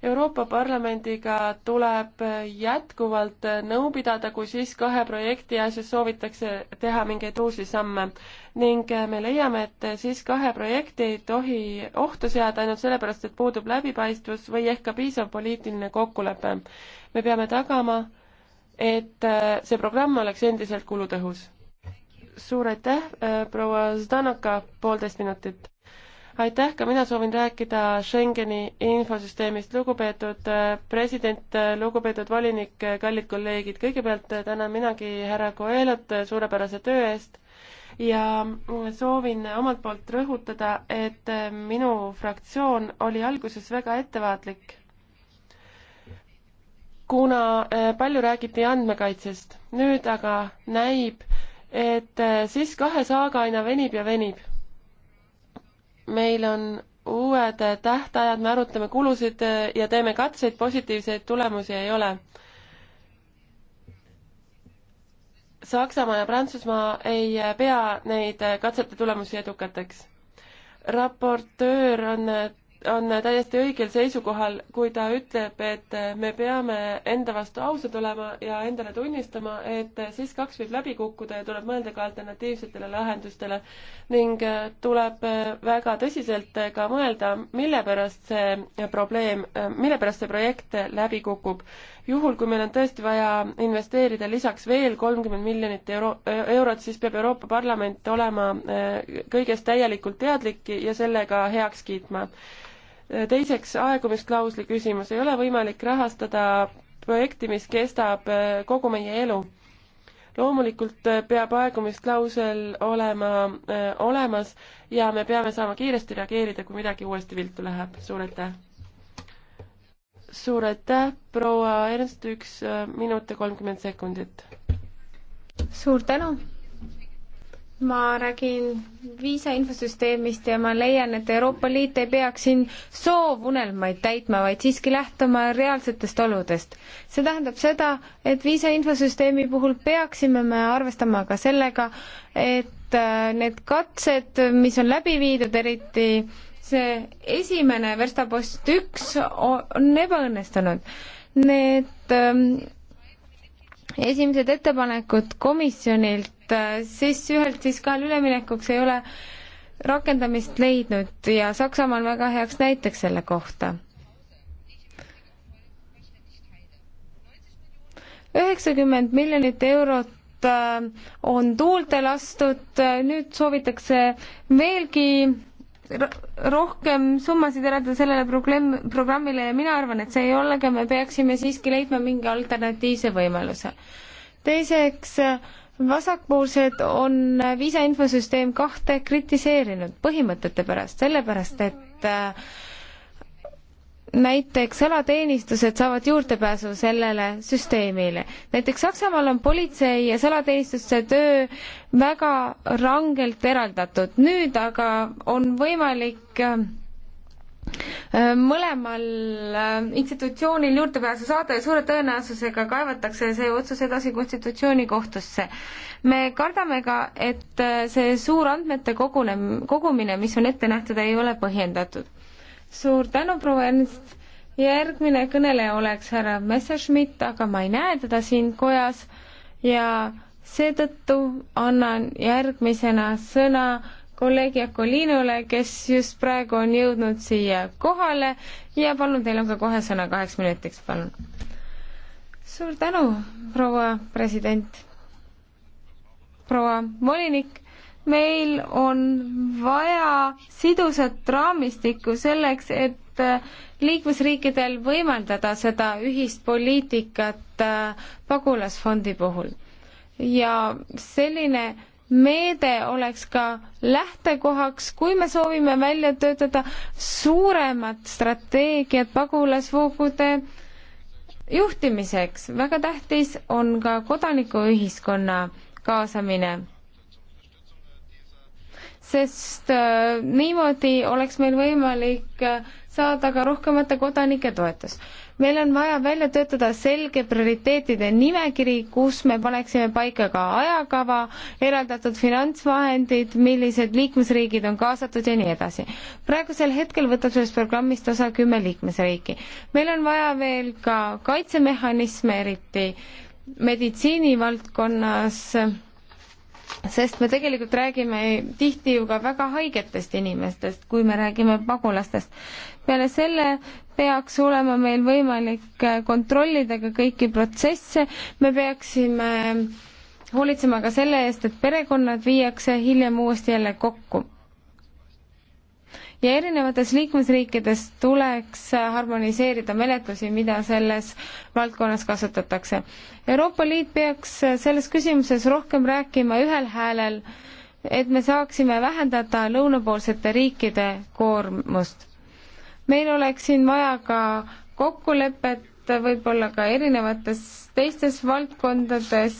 Euroopa Parlamendiga tuleb jätkuvalt nõu pidada, kui siis kahe projekti asjus soovitakse teha mingeid uusi samme. ning äh, me leiame, et siis kahe projekti ei tohi ohtu seada ainult sellepärast, et puudub läbipaistvus või ehk ka piisav poliitiline kokkulepe. me peame tagama, et äh, see programm oleks endiselt kulutõhus. suur aitäh, äh, proua Zdanoka, poolteist minutit aitäh, ka mina soovin rääkida Schengeni infosüsteemist. lugupeetud äh, president, äh, lugupeetud volinik, äh, kallid kolleegid, kõigepealt tänan minagi härra Coelot suurepärase töö eest ja mm, soovin omalt poolt rõhutada, et minu fraktsioon oli alguses väga ettevaatlik, kuna palju räägiti andmekaitsest. nüüd aga näib, et siis kahe saaga aina venib ja venib meil on uued tähtajad, me arutame kulusid ja teeme katseid, positiivseid tulemusi ei ole. Saksamaa ja Prantsusmaa ei pea neid katsete tulemusi edukateks. raportöör on on täiesti õigel seisukohal, kui ta ütleb, et me peame enda vastu ausad olema ja endale tunnistama, et siis kaks võib läbi kukkuda ja tuleb mõelda ka alternatiivsetele lahendustele ning tuleb väga tõsiselt ka mõelda, mille pärast see probleem, mille pärast see projekt läbi kukub. juhul, kui meil on tõesti vaja investeerida lisaks veel kolmkümmend miljonit euro, eurot, siis peab Euroopa Parlament olema kõigest täielikult teadlik ja selle ka heaks kiitma teiseks, aegumisklausli küsimus, ei ole võimalik rahastada projekti, mis kestab äh, kogu meie elu. loomulikult äh, peab aegumisklausel olema öö, äh, olemas ja me peame saama kiiresti reageerida, kui midagi uuesti viltu läheb. suur aitäh! suur aitäh, proua Ernst, üks minut ja kolmkümmend sekundit. suur tänu! ma räägin viisa infosüsteemist ja ma leian, et Euroopa Liit ei peaks siin soovunelmaid täitma, vaid siiski lähtuma reaalsetest oludest. see tähendab seda, et viisa infosüsteemi puhul peaksime me arvestama ka sellega, et äh, need katsed, mis on läbi viidud, eriti see esimene verstapost üks on ebaõnnestunud. Need ähm, esimesed ettepanekud komisjonilt et äh, siis ühelt, siis kahel üleminekuks ei ole rakendamist leidnud ja Saksamaa on väga heaks näiteks selle kohta. üheksakümmend miljonit eurot äh, on tuulde lastud, äh, nüüd soovitakse veelgi rohkem summasid eraldada sellele probleem, programmile ja mina arvan, et see ei olegi, me peaksime siiski leidma mingi alternatiivse võimaluse. teiseks äh, vasakpoolsed on viisa infosüsteem kahte kritiseerinud põhimõtete pärast, sellepärast et äh, näiteks salateenistused saavad juurdepääsu sellele süsteemile. näiteks Saksamaal on politsei ja salateenistuste töö väga rangelt eraldatud, nüüd aga on võimalik äh, mõlemal äh, institutsioonil juurdepääsu saada ja suure tõenäosusega kaevatakse see otsus edasi konstitutsioonikohtusse. me kardame ka, et äh, see suur andmete kogunem-, kogumine, mis on ette nähtud, ei ole põhjendatud. suur tänu, proua Ernst! järgmine kõneleja oleks härra Messerschmidt, aga ma ei näe teda siin kojas ja seetõttu annan järgmisena sõna kolleeg Jakolinule, kes just praegu on jõudnud siia kohale ja palun, teil on ka kohe sõna kaheks minutiks, palun. suur tänu, proua president, proua volinik, meil on vaja sidusat raamistikku selleks, et äh, liikmesriikidel võimaldada seda ühist poliitikat äh, pagulasfondi puhul. ja selline meede oleks ka lähtekohaks, kui me soovime välja töötada suuremat strateegiat pagulasvoogude juhtimiseks. väga tähtis on ka kodanikuühiskonna kaasamine. sest äh, niimoodi oleks meil võimalik äh, saada ka rohkemate kodanike toetus meil on vaja välja töötada selge prioriteetide nimekiri, kus me paneksime paika ka ajakava, eraldatud finantsvahendid, millised liikmesriigid on kaasatud ja nii edasi. praegusel hetkel võtab sellest programmist osa kümme liikmesriiki. meil on vaja veel ka kaitsemehhanisme, eriti meditsiinivaldkonnas sest me tegelikult räägime tihti ju ka väga haigetest inimestest, kui me räägime pagulastest. peale selle peaks olema meil võimalik äh, kontrollida ka kõiki protsesse, me peaksime hoolitsema ka selle eest, et perekonnad viiakse hiljem uuesti jälle kokku ja erinevates liikmesriikides tuleks harmoniseerida menetlusi, mida selles valdkonnas kasutatakse. Euroopa Liit peaks selles küsimuses rohkem rääkima ühel häälel, et me saaksime vähendada lõunapoolsete riikide koormust. meil oleks siin vaja ka kokkulepet võib-olla ka erinevates teistes valdkondades.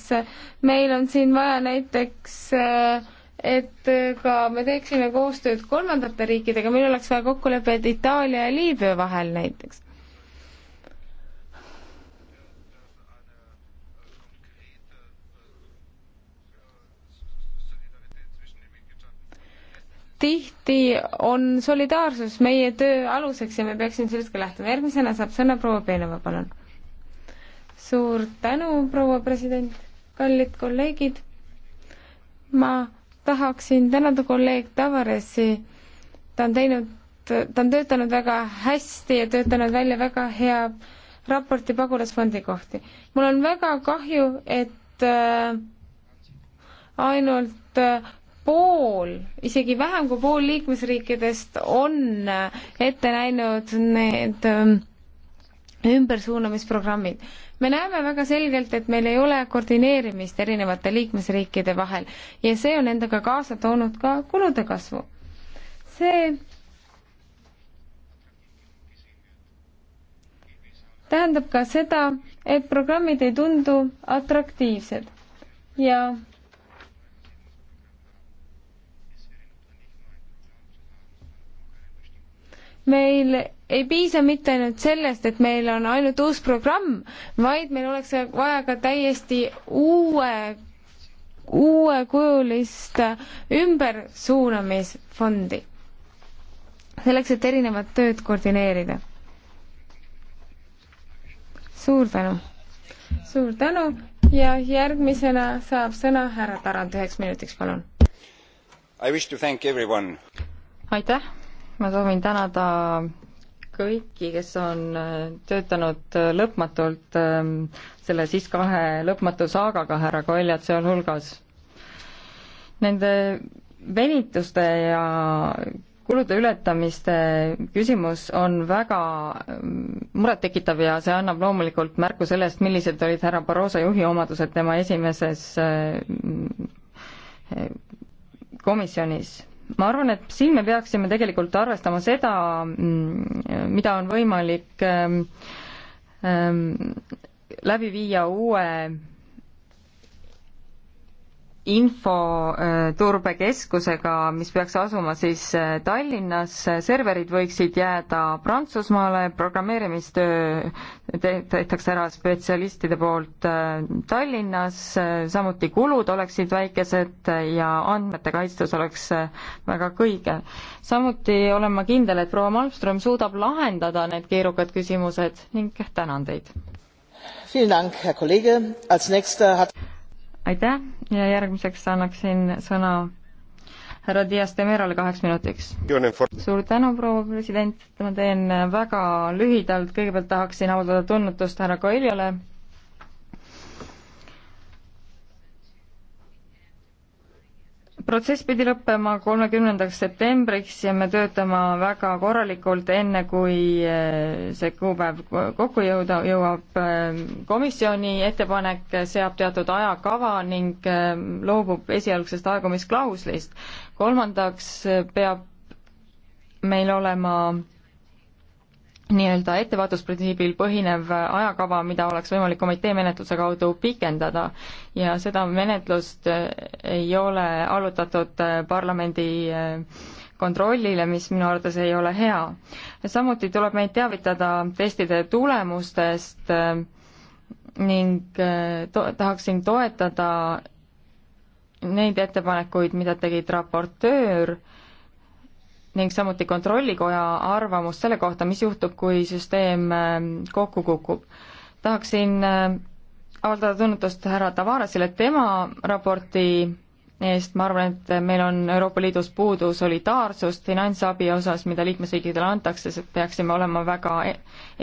meil on siin vaja näiteks äh, et äh, ka me teeksime koostööd kolmandate riikidega, meil oleks vaja kokkulepet Itaalia ja Liibüa vahel näiteks. tihti on solidaarsus meie töö aluseks ja me peaksime sellest ka lähtuma. järgmisena saab sõna proua Peenova, palun. suur tänu, proua president, kallid kolleegid. ma tahaksin tänada kolleeg Tavaresi. ta on teinud, ta on töötanud väga hästi ja töötanud välja väga hea raporti pagulasfondi kohti. mul on väga kahju, et äh, ainult äh, pool, isegi vähem kui pool liikmesriikidest on äh, ette näinud need ähm, ümbersuunamisprogrammid. me näeme väga selgelt, et meil ei ole koordineerimist erinevate liikmesriikide vahel ja see on endaga kaasa toonud ka kulude kasvu. see tähendab ka seda, et programmid ei tundu atraktiivsed ja meil ei piisa mitte ainult sellest, et meil on ainult uus programm, vaid meil oleks vaja ka täiesti uue, uuekujulist ümbersuunamisfondi. selleks, et erinevat tööd koordineerida. suur tänu! suur tänu ja järgmisena saab sõna härra Tarand üheks minutiks, palun. aitäh, ma soovin tänada kõiki, kes on äh, töötanud äh, lõpmatult ähm, selle siis kahe lõpmatu saagaga, härra Koljat sealhulgas. Nende venituste ja kulude ületamiste küsimus on väga ähm, murettekitav ja see annab loomulikult märku sellest, millised olid härra Barroso juhi omadused tema esimeses äh, komisjonis ma arvan, et siin me peaksime tegelikult arvestama seda, mm, mida on võimalik ähm, ähm, läbi viia uue infoturbekeskusega, mis peaks asuma siis äh, Tallinnas, serverid võiksid jääda Prantsusmaale, programmeerimistöö tehtakse ära spetsialistide poolt äh, Tallinnas, samuti kulud oleksid väikesed ja andmete kaitstus oleks äh, väga kõige. samuti olen ma kindel, et proua Malmström suudab lahendada need keerukad küsimused ning tänan teid. Vielen Dank, Herr Kollege. Als nächster hat aitäh ja järgmiseks annaksin sõna härra Dias Demerale kaheks minutiks. suur tänu, proua president, ma teen väga lühidalt, kõigepealt tahaksin avaldada tunnutust härra Koiljale protsess pidi lõppema kolmekümnendaks septembriks ja me töötame väga korralikult, enne kui eh, see kuupäev kokku jõuda, jõuab eh, komisjoni ettepanek, seab teatud ajakava ning eh, loobub esialgsest aegumisklauslist. kolmandaks peab meil olema nii-öelda ettevaatusprintsiibil põhinev ajakava, mida oleks võimalik komitee menetluse kaudu pikendada ja seda menetlust äh, ei ole allutatud äh, parlamendi äh, kontrollile, mis minu arvates ei ole hea. samuti tuleb meid teavitada testide tulemustest ning to-, tahaksin toetada neid ettepanekuid, mida tegid raportöör äh, ning samuti Kontrollikoja arvamus selle kohta, mis juhtub, kui süsteem ähm, kokku kukub. tahaksin äh, avaldada tunnetust härra Tavarasile tema raporti eest, ma arvan, et meil on Euroopa Liidus puudu solidaarsust finantsabi osas, mida liikmesriikidele antakse, sest peaksime olema väga e-,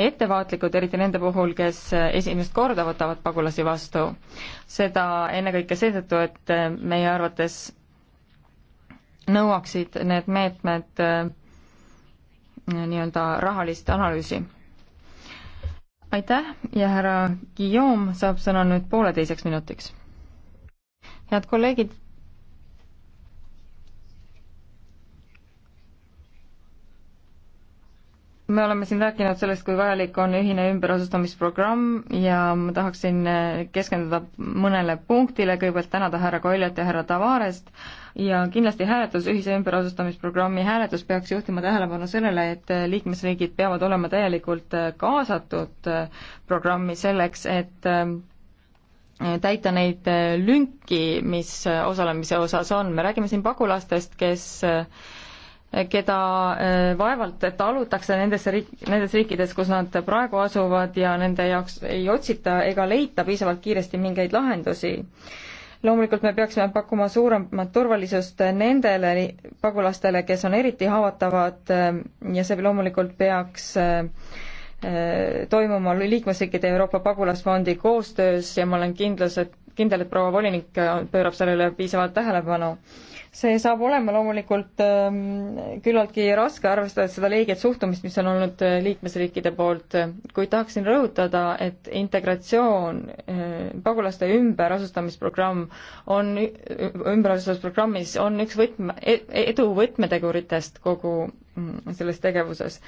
ettevaatlikud, eriti nende puhul, kes äh, esimest korda võtavad pagulasi vastu. seda ennekõike seetõttu, et äh, meie arvates nõuaksid need meetmed äh, nii-öelda rahalist analüüsi. aitäh ja härra Guillaume saab sõna nüüd pooleteiseks minutiks. head kolleegid, me oleme siin rääkinud sellest, kui vajalik on ühine ümberasustamisprogramm ja ma tahaksin eh, keskenduda mõnele punktile, kõigepealt tänada härra Koljat ja härra Tavarest ja kindlasti hääletus, ühise ümberasustamisprogrammi hääletus peaks juhtima tähelepanu sellele, et eh, liikmesriigid peavad olema täielikult eh, kaasatud programmi selleks, et täita neid lünki, mis osalemise osas on, me räägime siin pagulastest, kes keda eh, vaevalt, et alutakse nendesse riik, nendes riikides, kus nad praegu asuvad ja nende jaoks ei otsita ega leita piisavalt kiiresti mingeid lahendusi. loomulikult me peaksime pakkuma suuremat turvalisust nendele pagulastele, kes on eriti haavatavad eh, ja see loomulikult peaks eh, toimuma liikmesriikide Euroopa pagulasfondi koostöös ja ma olen kindlus, et, kindel, et proua volinik pöörab sellele piisavalt tähelepanu see saab olema loomulikult ähm, küllaltki raske, arvestades seda leeget suhtumist, mis on olnud äh, liikmesriikide poolt, kuid tahaksin rõhutada, et integratsioon, äh, pagulaste ümberasustamisprogramm on, ümberasustamisprogrammis on üks võtme, e-, edu võtmeteguritest kogu mm, selles tegevuses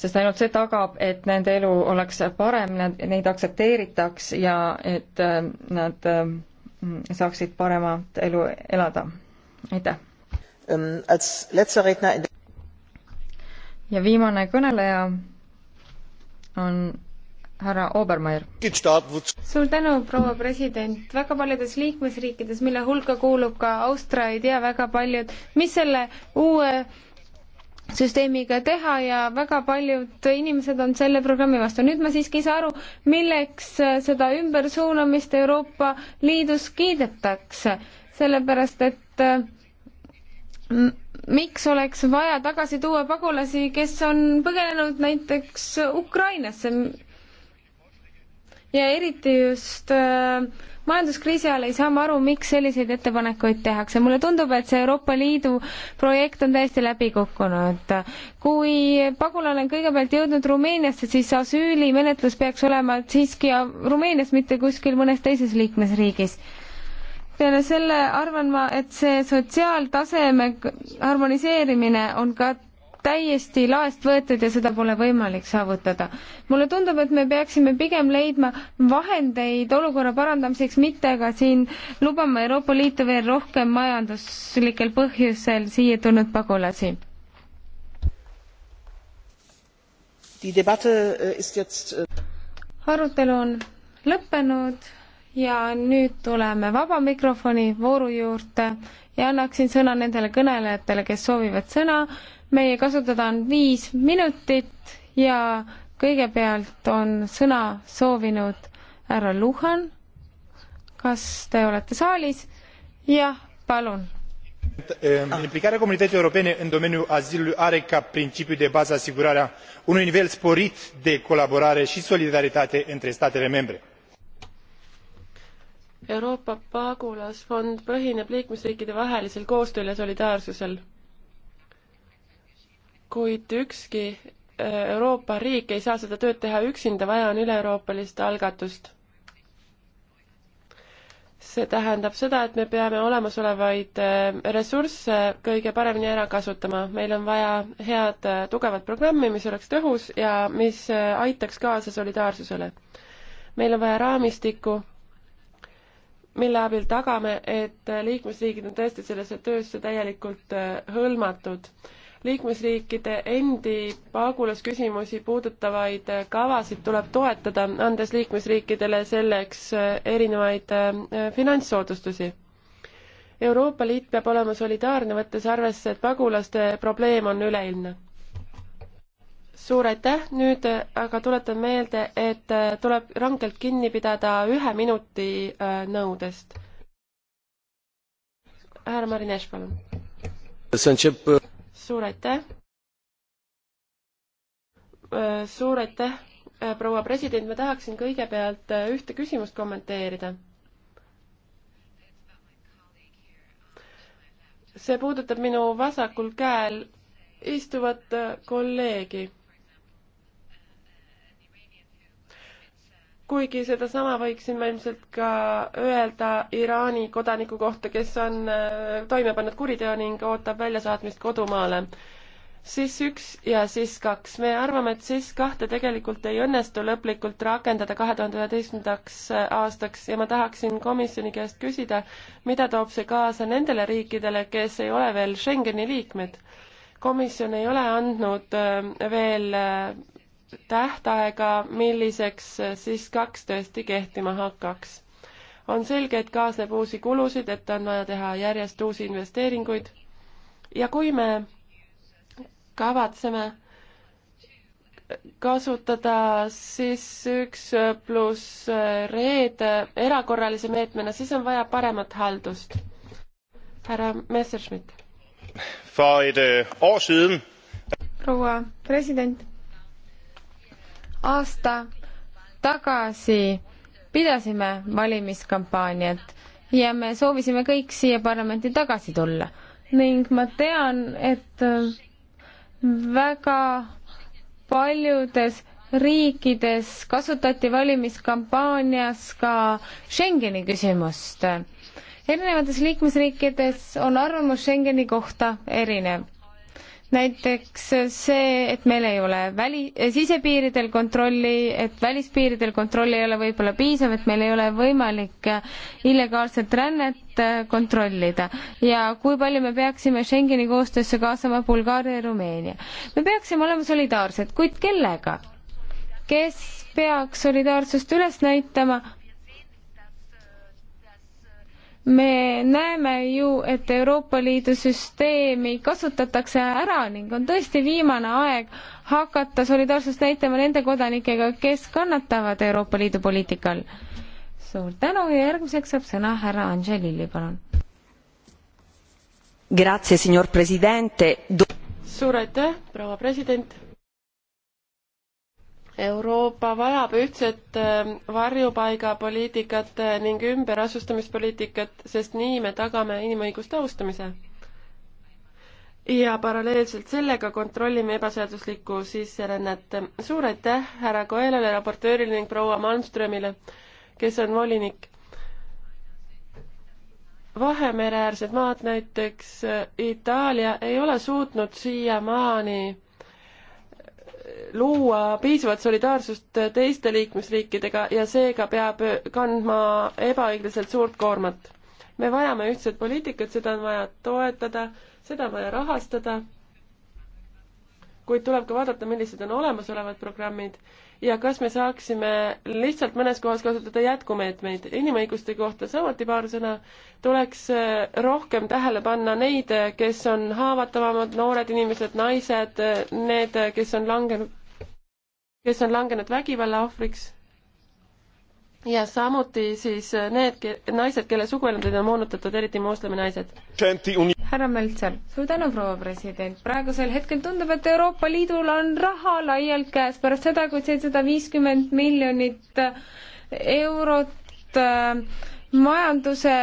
sest ainult see tagab, et nende elu oleks parem, neid aktsepteeritaks ja et äh, nad ähm, Mm, saaksid paremat elu elada. aitäh! Ähm, ja viimane kõneleja on härra Obermeier. suur tänu, proua president. väga paljudes liikmesriikides, mille hulka kuulub ka Austria, ei tea väga paljud, mis selle uue süsteemiga teha ja väga paljud inimesed on selle programmi vastu. nüüd ma siiski ei saa aru, milleks äh, seda ümbersuunamist Euroopa Liidus kiidetakse, sellepärast et äh, miks oleks vaja tagasi tuua pagulasi, kes on põgenenud näiteks Ukrainasse, ja eriti just äh, majanduskriisi ajal ei saa ma aru, miks selliseid ettepanekuid tehakse. mulle tundub, et see Euroopa Liidu projekt on täiesti läbi kukkunud. kui pagulane on kõigepealt jõudnud Rumeeniasse, siis asüülimenetlus peaks olema siiski Rumeenias, mitte kuskil mõnes teises liikmesriigis. peale selle arvan ma, et see sotsiaaltaseme harmoniseerimine on ka täiesti laest võetud ja seda pole võimalik saavutada. mulle tundub, et me peaksime pigem leidma vahendeid olukorra parandamiseks, mitte aga siin lubama Euroopa Liitu veel rohkem majanduslikel põhjusel siia tulnud pagulasi. Äh, äh, arutelu on lõppenud ja nüüd tuleme vaba mikrofoni vooru juurde ja annaksin sõna nendele kõnelejatele, kes soovivad sõna meie kasutada on viis minutit ja kõigepealt on sõna soovinud härra Luhan. kas te olete saalis? jah, palun. Eh, implicarea comunității europene în domeniul azilului are ca principiu de bază asigurarea unui nivel sporit de colaborare și solidaritate între statele membre. Euroopa pagulasfond põhineb liikmesriikide vahelisel koostööl ja solidaarsusel kuid ükski äh, Euroopa riik ei saa seda tööd teha üksinda, vaja on üle-euroopalist algatust. see tähendab seda, et me peame olemasolevaid äh, ressursse kõige paremini ära kasutama. meil on vaja head äh, tugevat programmi, mis oleks tõhus ja mis aitaks kaasa solidaarsusele. meil on vaja raamistikku, mille abil tagame, et liikmesriigid on tõesti sellesse töösse täielikult hõlmatud liikmesriikide endi pagulasküsimusi puudutavaid kavasid tuleb toetada, andes liikmesriikidele selleks erinevaid äh, finantssoodustusi. Euroopa Liit peab olema solidaarne, võttes arvesse, et pagulaste probleem on üleilmne suur aitäh, nüüd aga tuletan meelde, et äh, tuleb rangelt kinni pidada ühe minuti äh, nõudest. härra Marin Ešp, palun suur aitäh. Äh, suur aitäh, äh, proua president, ma tahaksin kõigepealt äh, ühte küsimust kommenteerida. see puudutab minu vasakul käel istuvat kolleegi kuigi sedasama võiksin ma ilmselt ka öelda Iraani kodaniku kohta, kes on äh, toime pannud kuriteo ning ootab väljasaatmist kodumaale. siis üks ja siis kaks. me arvame, et siis kahte tegelikult ei õnnestu lõplikult rakendada kahe tuhande üheteistkümnendaks aastaks ja ma tahaksin komisjoni käest küsida, mida toob see kaasa nendele riikidele, kes ei ole veel Schengeni liikmed komisjon ei ole andnud äh, veel äh, tähtaega, milliseks siis kaks tõesti kehtima hakkaks. on selge, et kaasneb uusi kulusid, et on vaja teha järjest uusi investeeringuid ja kui me kavatseme kasutada siis üks pluss reed erakorralise meetmena, siis on vaja paremat haldust. härra Messerschmidt. Øh, proua president aasta tagasi pidasime valimiskampaaniat ja me soovisime kõik siia parlamenti tagasi tulla ning ma tean, et väga paljudes riikides kasutati valimiskampaanias ka Schengeni küsimust. erinevates liikmesriikides on arvamus Schengeni kohta erinev näiteks see, et meil ei ole väli, sisepiiridel kontrolli, et välispiiridel kontrolli ei ole võib-olla piisav, et meil ei ole võimalik illegaalset rännet äh, kontrollida ja kui palju me peaksime Schengeni koostöösse kaasama Bulgaaria ja Rumeenia. me peaksime olema solidaarsed, kuid kellega? kes peaks solidaarsust üles näitama, me näeme ju, et Euroopa Liidu süsteemi kasutatakse ära ning on tõesti viimane aeg hakata solidaarsust näitama nende kodanikega, kes kannatavad Euroopa Liidu poliitika all. suur tänu ja järgmiseks saab sõna härra Angelilli, palun. suur aitäh, proua president Euroopa vajab ühtset ähm, varjupaigapoliitikat äh, ning ümberasustamispoliitikat, sest nii me tagame inimõiguste austamise. ja paralleelselt sellega kontrollime ebaseaduslikku sisserännet. suur aitäh härra Koelale, raportöörile ning proua Malmströmile, kes on volinik. Vahemereäärsed maad, näiteks äh, Itaalia, ei ole suutnud siiamaani luua piisavat solidaarsust teiste liikmesriikidega ja seega peab kandma ebaõiglaselt suurt koormat. me vajame ühtset poliitikat, seda on vaja toetada, seda on vaja rahastada, kuid tuleb ka vaadata, millised on olemasolevad programmid ja kas me saaksime lihtsalt mõnes kohas kasutada jätkumeetmeid. inimõiguste kohta samuti paar sõna. tuleks äh, rohkem tähele panna neid, äh, kes on haavatavamad, noored inimesed, naised, äh, need, kes on langenud, kes on langenud vägivalla ohvriks ja samuti siis äh, need ke naised, kelle suguelundid on moonutatud, eriti moslemi naised. härra Möltser, suur tänu, proua president. praegusel hetkel tundub, et Euroopa Liidul on raha laialt käes pärast seda, kui seitsesada viiskümmend miljonit äh, eurot äh, majanduse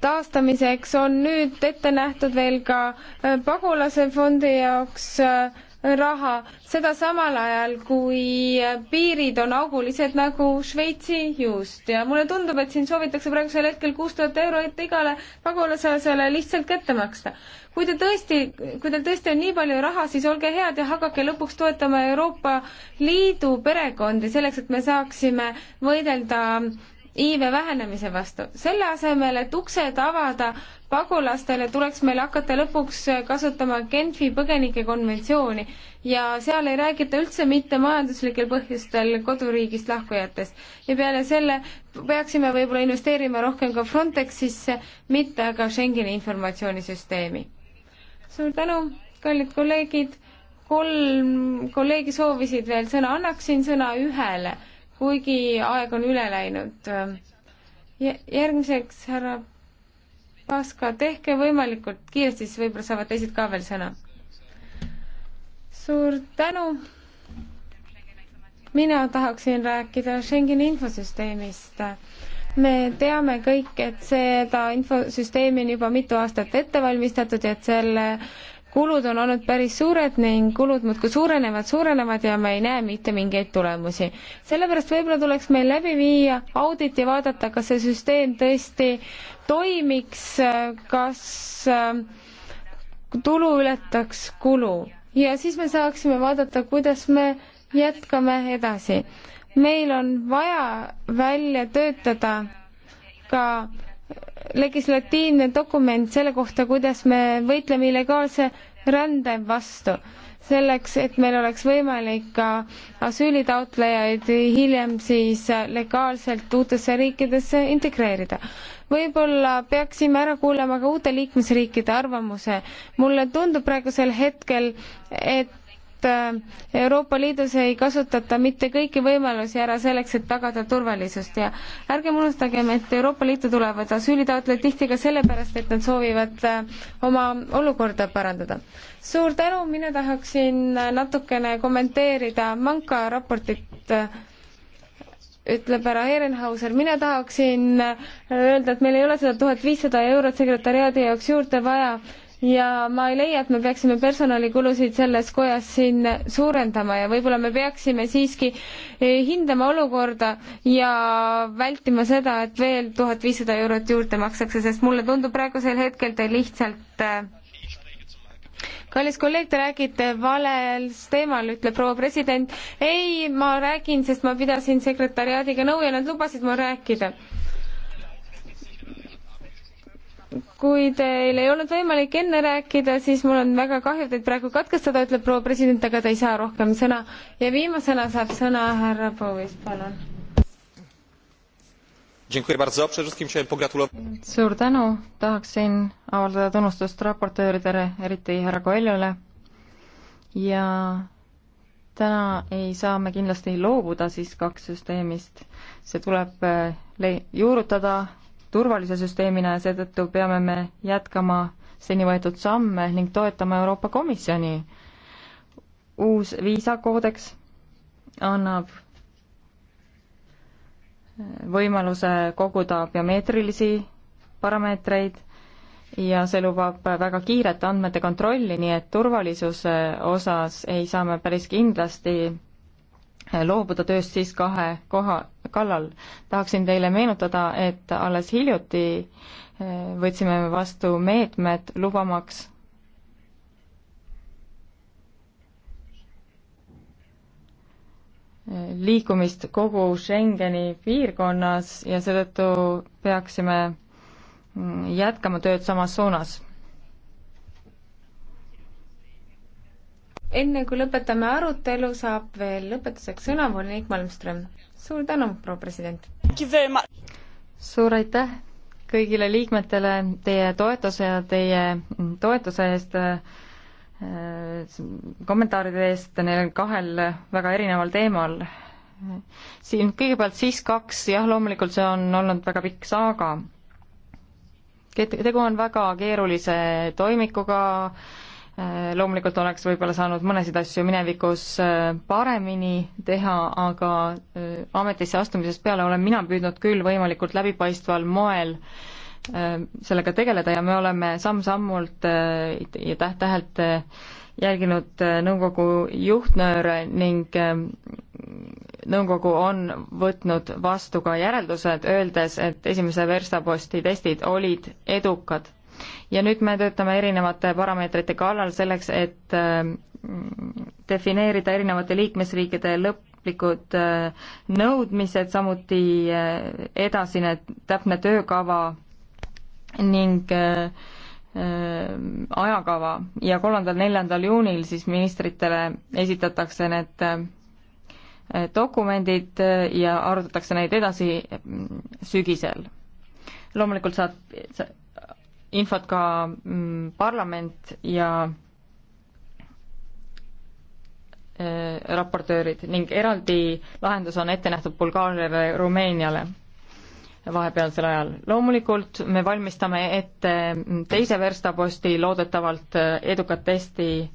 taastamiseks on nüüd ette nähtud veel ka äh, pagulase fondi jaoks äh, raha, seda samal ajal, kui piirid on augulised nagu Šveitsi juust ja mulle tundub, et siin soovitakse praegusel hetkel kuus tuhat eurot igale pagulasele lihtsalt kätte maksta. kui te tõesti, kui teil tõesti on nii palju raha, siis olge head ja hakake lõpuks toetama Euroopa Liidu perekondi selleks, et me saaksime võidelda iive vähenemise vastu. selle asemel, et uksed avada pagulastele, tuleks meil hakata lõpuks kasutama Genfi põgenike konventsiooni ja seal ei räägita üldse mitte majanduslikel põhjustel koduriigist lahkujatest. ja peale selle peaksime võib-olla investeerima rohkem ka Frontexisse, mitte aga Schengeni informatsioonisüsteemi. suur tänu, kallid kolleegid, kolm kolleegi soovisid veel sõna, annaksin sõna ühele kuigi aeg on üle läinud. järgmiseks härra Paska, tehke võimalikult kiiresti, siis võib-olla saavad teised ka veel sõna. suur tänu. mina tahaksin rääkida Schengeni infosüsteemist me teame kõik, et seda infosüsteemi on juba mitu aastat ette valmistatud ja et selle kulud on olnud päris suured ning kulud muudkui suurenevad, suurenevad ja me ei näe mitte mingeid tulemusi. sellepärast võib-olla tuleks meil läbi viia audit ja vaadata, kas see süsteem tõesti toimiks, kas äh, tulu ületaks kulu ja siis me saaksime vaadata, kuidas me jätkame edasi. meil on vaja välja töötada ka legislatiivne dokument selle kohta, kuidas me võitleme illegaalse rände vastu, selleks, et meil oleks võimalik ka asüülitaotlejaid hiljem siis legaalselt uutesse riikidesse integreerida. võib-olla peaksime ära kuulama ka uute liikmesriikide arvamuse. mulle tundub praegusel hetkel, et Äh, Euroopa Liidus ei kasutata mitte kõiki võimalusi ära selleks, et tagada turvalisust ja ärgem unustagem, et Euroopa Liitu tulevad asüülitaotlejad tihti ka sellepärast, et nad soovivad äh, oma olukorda parandada. suur tänu, mina tahaksin äh, natukene kommenteerida Manka raportit ütleb härra Ehrenhauser, mina tahaksin öelda, et meil ei ole seda tuhat viissada eurot sekretäriaadi jaoks juurde vaja ja ma ei leia, et me peaksime personalikulusid selles kojas siin suurendama ja võib-olla me peaksime siiski eh, hindama olukorda ja vältima seda, et veel tuhat viissada eurot juurde makstakse, sest mulle tundub praegusel hetkel te lihtsalt eh, kallis kolleeg, te räägite valel teemal, ütleb proua president. ei, ma räägin, sest ma pidasin sekretäriaadiga nõu ja nad lubasid mul rääkida kui teil ei olnud võimalik enne rääkida, siis mul on väga kahju teid praegu katkestada, ütleb proua president, aga ta ei saa rohkem sõna. ja viimasena saab sõna härra Povis, palun. suur tänu, tahaksin avaldada tunnustust raportööridele, eriti härra Koeljole ja täna ei saa me kindlasti loobuda siis kaks süsteemist. see tuleb eh, juurutada turvalise süsteemina ja seetõttu peame me jätkama seni võetud samme ning toetama Euroopa Komisjoni. uus viisakoodeks annab võimaluse koguda biomeetrilisi parameetreid ja see lubab väga kiiret andmete kontrolli, nii et turvalisuse osas ei saa me päris kindlasti loobuda tööst siis kahe koha kallal. tahaksin teile meenutada, et alles hiljuti eh, võtsime vastu meetmed lubamaks liikumist kogu Schengeni piirkonnas ja seetõttu peaksime jätkama tööd samas suunas enne kui lõpetame arutelu, saab veel lõpetuseks sõna volinik Malmström. suur tänu, proua president! suur aitäh kõigile liikmetele teie toetuse ja teie toetuse eest, äh, kommentaaride eest neil kahel väga erineval teemal. siin kõigepealt siis kaks, jah, loomulikult see on olnud väga pikk saaga. tegu on väga keerulise toimikuga, Äh, loomulikult oleks võib-olla saanud mõnesid asju minevikus äh, paremini teha, aga äh, ametisse astumisest peale olen mina püüdnud küll võimalikult läbipaistval moel sellega tegeleda ja me oleme samm-sammult ja täht-tähelt jälginud nõukogu juhtnööre ning nõukogu on võtnud vastu ka järeldused, öeldes, et esimese verstaposti testid olid edukad ja nüüd me töötame erinevate parameetrite kallal selleks, et mm, defineerida erinevate liikmesriikide lõplikud äh, nõudmised, samuti äh, edasine täpne töökava ning äh, ajakava ja kolmandal-neljandal juunil siis ministritele esitatakse need dokumendid ja arutatakse neid edasi sügisel. loomulikult saab infot ka mm, parlament ja äh, raportöörid ning eraldi lahendus on ette nähtud Bulgaariale ja Rumeeniale vahepealsel ajal. loomulikult me valmistame ette mm, teise verstaposti loodetavalt äh, edukat testi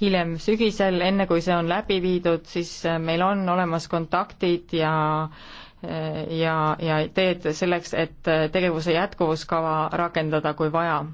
hiljem sügisel, enne kui see on läbi viidud, siis äh, meil on olemas kontaktid ja äh, Äh, ja, ja teed selleks, et äh, tegevuse jätkuvuskava rakendada, kui vaja.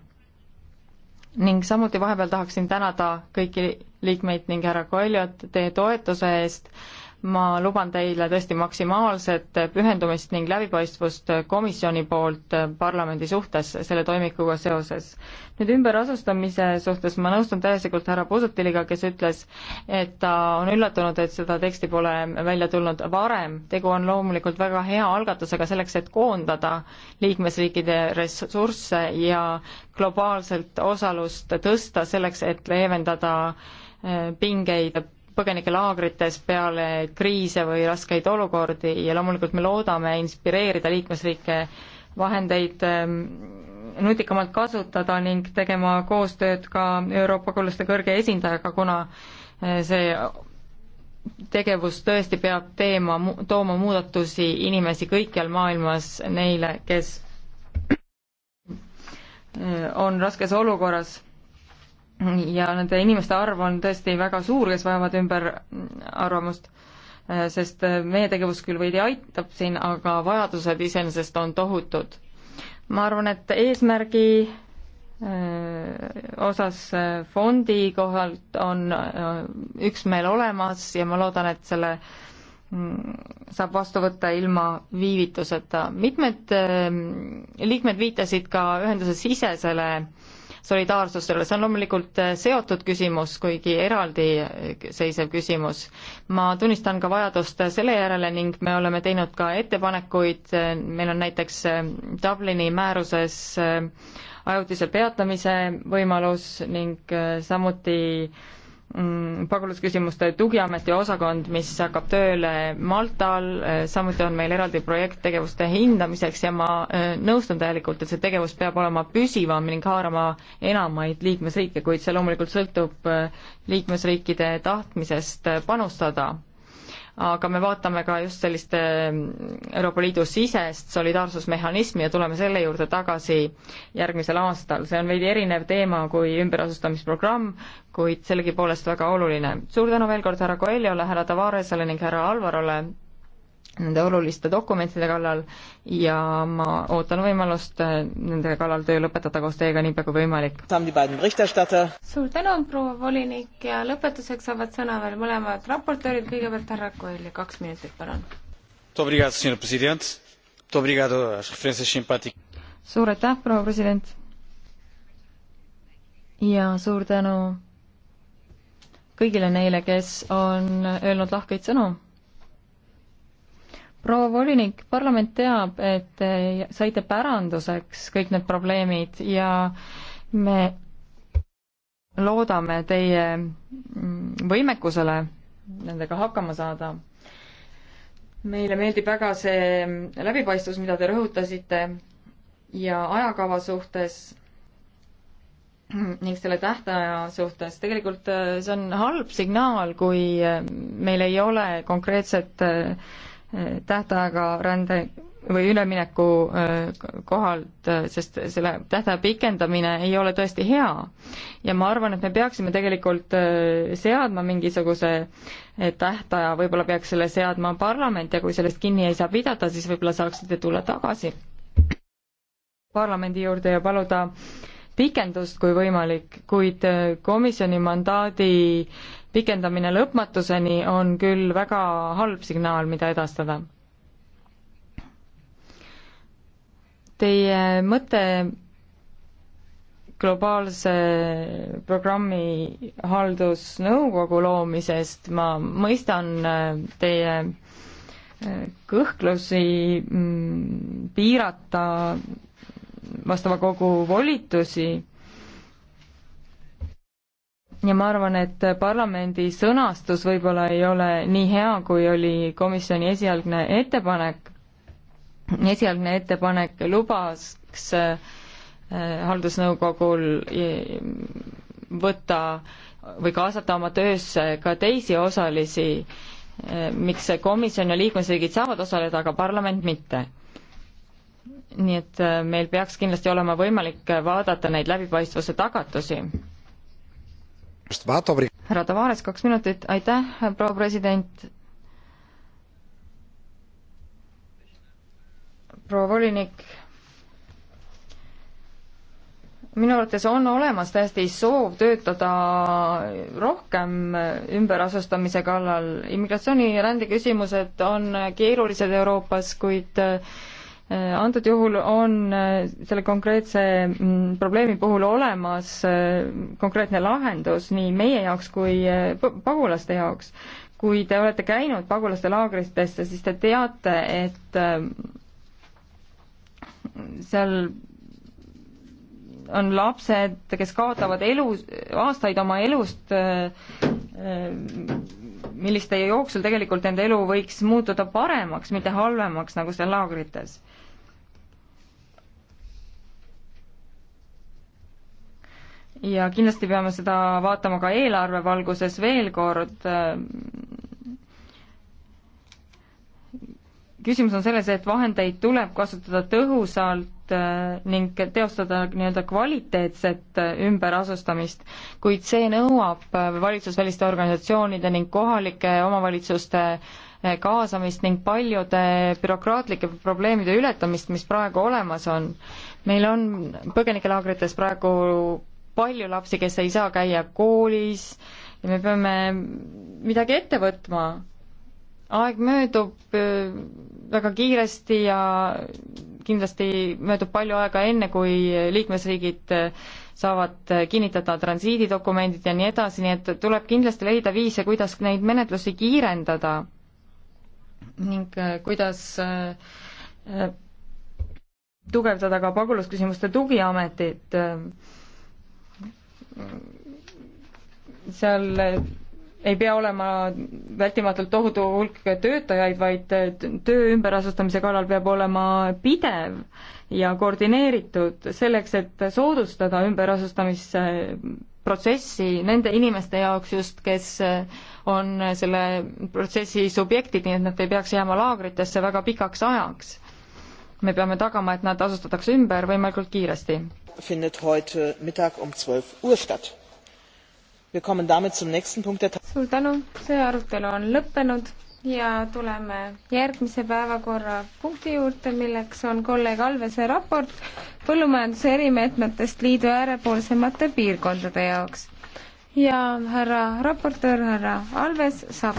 ning samuti vahepeal tahaksin tänada kõiki liikmeid ning härra Koljot teie toetuse eest äh, ma luban teile tõesti maksimaalset pühendumist ning läbipaistvust komisjoni poolt parlamendi suhtes selle toimikuga seoses. nüüd ümberasustamise suhtes ma nõustun täielikult härra Pusutiliga, kes ütles, et ta on üllatunud, et seda teksti pole välja tulnud varem. tegu on loomulikult väga hea algatusega selleks, et koondada liikmesriikide ressursse ja globaalselt osalust tõsta selleks, et leevendada pingeid põgenikelaagrites peale kriise või raskeid olukordi ja loomulikult me loodame inspireerida liikmesriike vahendeid ähm, nutikamalt kasutada ning tegema koostööd ka Euroopa kullaste kõrge esindajaga, kuna äh, see tegevus tõesti peab teema, tooma muudatusi inimesi kõikjal maailmas, neile, kes äh, on raskes olukorras ja nende inimeste arv on tõesti väga suur, kes vajavad ümberarvamust, äh, sest äh, meie tegevus küll veidi aitab siin, aga vajadused iseenesest on tohutud. ma arvan, et eesmärgi äh, osas fondi kohalt on üksmeel olemas ja ma loodan, et selle mm, saab vastu võtta ilma viivituseta. mitmed liikmed viitasid ka ühenduse sisesele äh, solidaarsusele, see on loomulikult äh, seotud küsimus, kuigi eraldiseisev äh, küsimus. ma tunnistan ka vajadust äh, selle järele ning me oleme teinud ka ettepanekuid, meil on näiteks Dublini määruses ajutise peatamise võimalus ning samuti Mm, pagulasküsimuste tugiameti osakond, mis hakkab tööle Maltal, äh, samuti on meil eraldi projekt tegevuste hindamiseks ja ma äh, nõustun täielikult, et see tegevus peab olema püsivam ning haarama enamaid liikmesriike, kuid see loomulikult sõltub äh, liikmesriikide tahtmisest panustada aga me vaatame ka just sellist Euroopa Liidu sisest solidaarsusmehhanismi ja tuleme selle juurde tagasi järgmisel aastal. see on veidi erinev teema kui ümberasustamisprogramm, kuid sellegipoolest väga oluline. suur tänu veel kord härra Coelhole, härra Tavaresele ning härra Alvarole nende oluliste dokumentide kallal ja ma ootan võimalust äh, nende kallal töö lõpetada koos teiega niipea kui võimalik. suur tänu, proua volinik ja lõpetuseks saavad sõna veel mõlemad raportöörid, kõigepealt härra Koel ja kaks minutit, palun. suur aitäh, proua president. ja suur tänu kõigile neile, kes on öelnud lahkeid sõnu proua volinik, parlament teab, et saite päranduseks kõik need probleemid ja me loodame teie mm, võimekusele nendega hakkama saada. meile meeldib väga see läbipaistvus, mida te rõhutasite ja ajakava suhtes ning selle tähtaja suhtes, tegelikult äh, see on halb signaal, kui äh, meil ei ole konkreetset äh, tähtaega rände või ülemineku äh, kohalt, äh, sest selle tähtaja pikendamine ei ole tõesti hea. ja ma arvan, et me peaksime tegelikult äh, seadma mingisuguse tähtaja, võib-olla peaks selle seadma parlament ja kui sellest kinni ei saa pidada, siis võib-olla saaksite tulla tagasi parlamendi juurde ja paluda pikendust, kui võimalik, kuid komisjoni mandaadi pikendamine lõpmatuseni on küll väga halb signaal, mida edastada. Teie mõte globaalse programmi haldusnõukogu loomisest, ma mõistan äh, teie äh, kõhklusi mm, piirata vastava kogu volitusi ja ma arvan, et parlamendi sõnastus võib-olla ei ole nii hea, kui oli komisjoni esialgne ettepanek. esialgne ettepanek lubas äh, haldusnõukogul e, võtta või kaasata oma töösse ka teisi osalisi, e, miks komisjon ja liikmesriigid saavad osaleda, aga parlament mitte. nii et äh, meil peaks kindlasti olema võimalik vaadata neid läbipaistvuse tagatusi härra Tavares, kaks minutit, aitäh, proua president. proua volinik, minu arvates on olemas täiesti soov töötada rohkem ümberasustamise kallal. immigratsiooni ja rändeküsimused on keerulised Euroopas, kuid äh, antud juhul on äh, selle konkreetse mm, probleemi puhul olemas äh, konkreetne lahendus nii meie jaoks kui äh, pagulaste jaoks. kui te olete käinud pagulaste laagritesse, siis te teate, et seal on lapsed, kes kaotavad elu, aastaid oma elust Ehm, milliste jooksul tegelikult nende elu võiks muutuda paremaks, mitte halvemaks, nagu seal laagrites. ja kindlasti peame seda vaatama ka eelarve valguses veel kord, ehm, küsimus on selles, et vahendeid tuleb kasutada tõhusalt äh, ning teostada nii-öelda kvaliteetset äh, ümberasustamist, kuid see nõuab äh, valitsusväliste organisatsioonide ning kohalike omavalitsuste kaasamist ning paljude bürokraatlike probleemide ületamist, mis praegu olemas on. meil on põgenikelaagrites praegu palju lapsi, kes ei saa käia koolis ja me peame midagi ette võtma aeg möödub, väga kiiresti ja kindlasti möödub palju aega enne, kui liikmesriigid saavad kinnitada transiididokumendid ja nii edasi, nii et tuleb kindlasti leida viise, kuidas neid menetlusi kiirendada ning äh, kuidas äh, tugevdada ka pagulasküsimuste tugiametit äh, seal ei pea olema vältimatult tohutu hulk töötajaid, vaid töö ümberasustamise kallal peab olema pidev ja koordineeritud selleks, et soodustada ümberasustamise protsessi nende inimeste jaoks just, kes on selle protsessi subjektid, nii et nad ei peaks jääma laagritesse väga pikaks ajaks. me peame tagama, et nad asustatakse ümber võimalikult kiiresti. Findet heute Mittag um 12 Uhr statt suur tänu, see arutelu on lõppenud ja tuleme järgmise päevakorrapunkti juurde, milleks on kolleeg Alvese raport põllumajanduse erimeetmetest liidu äärepoolsemate piirkondade jaoks. ja härra raportöör, härra Alves saab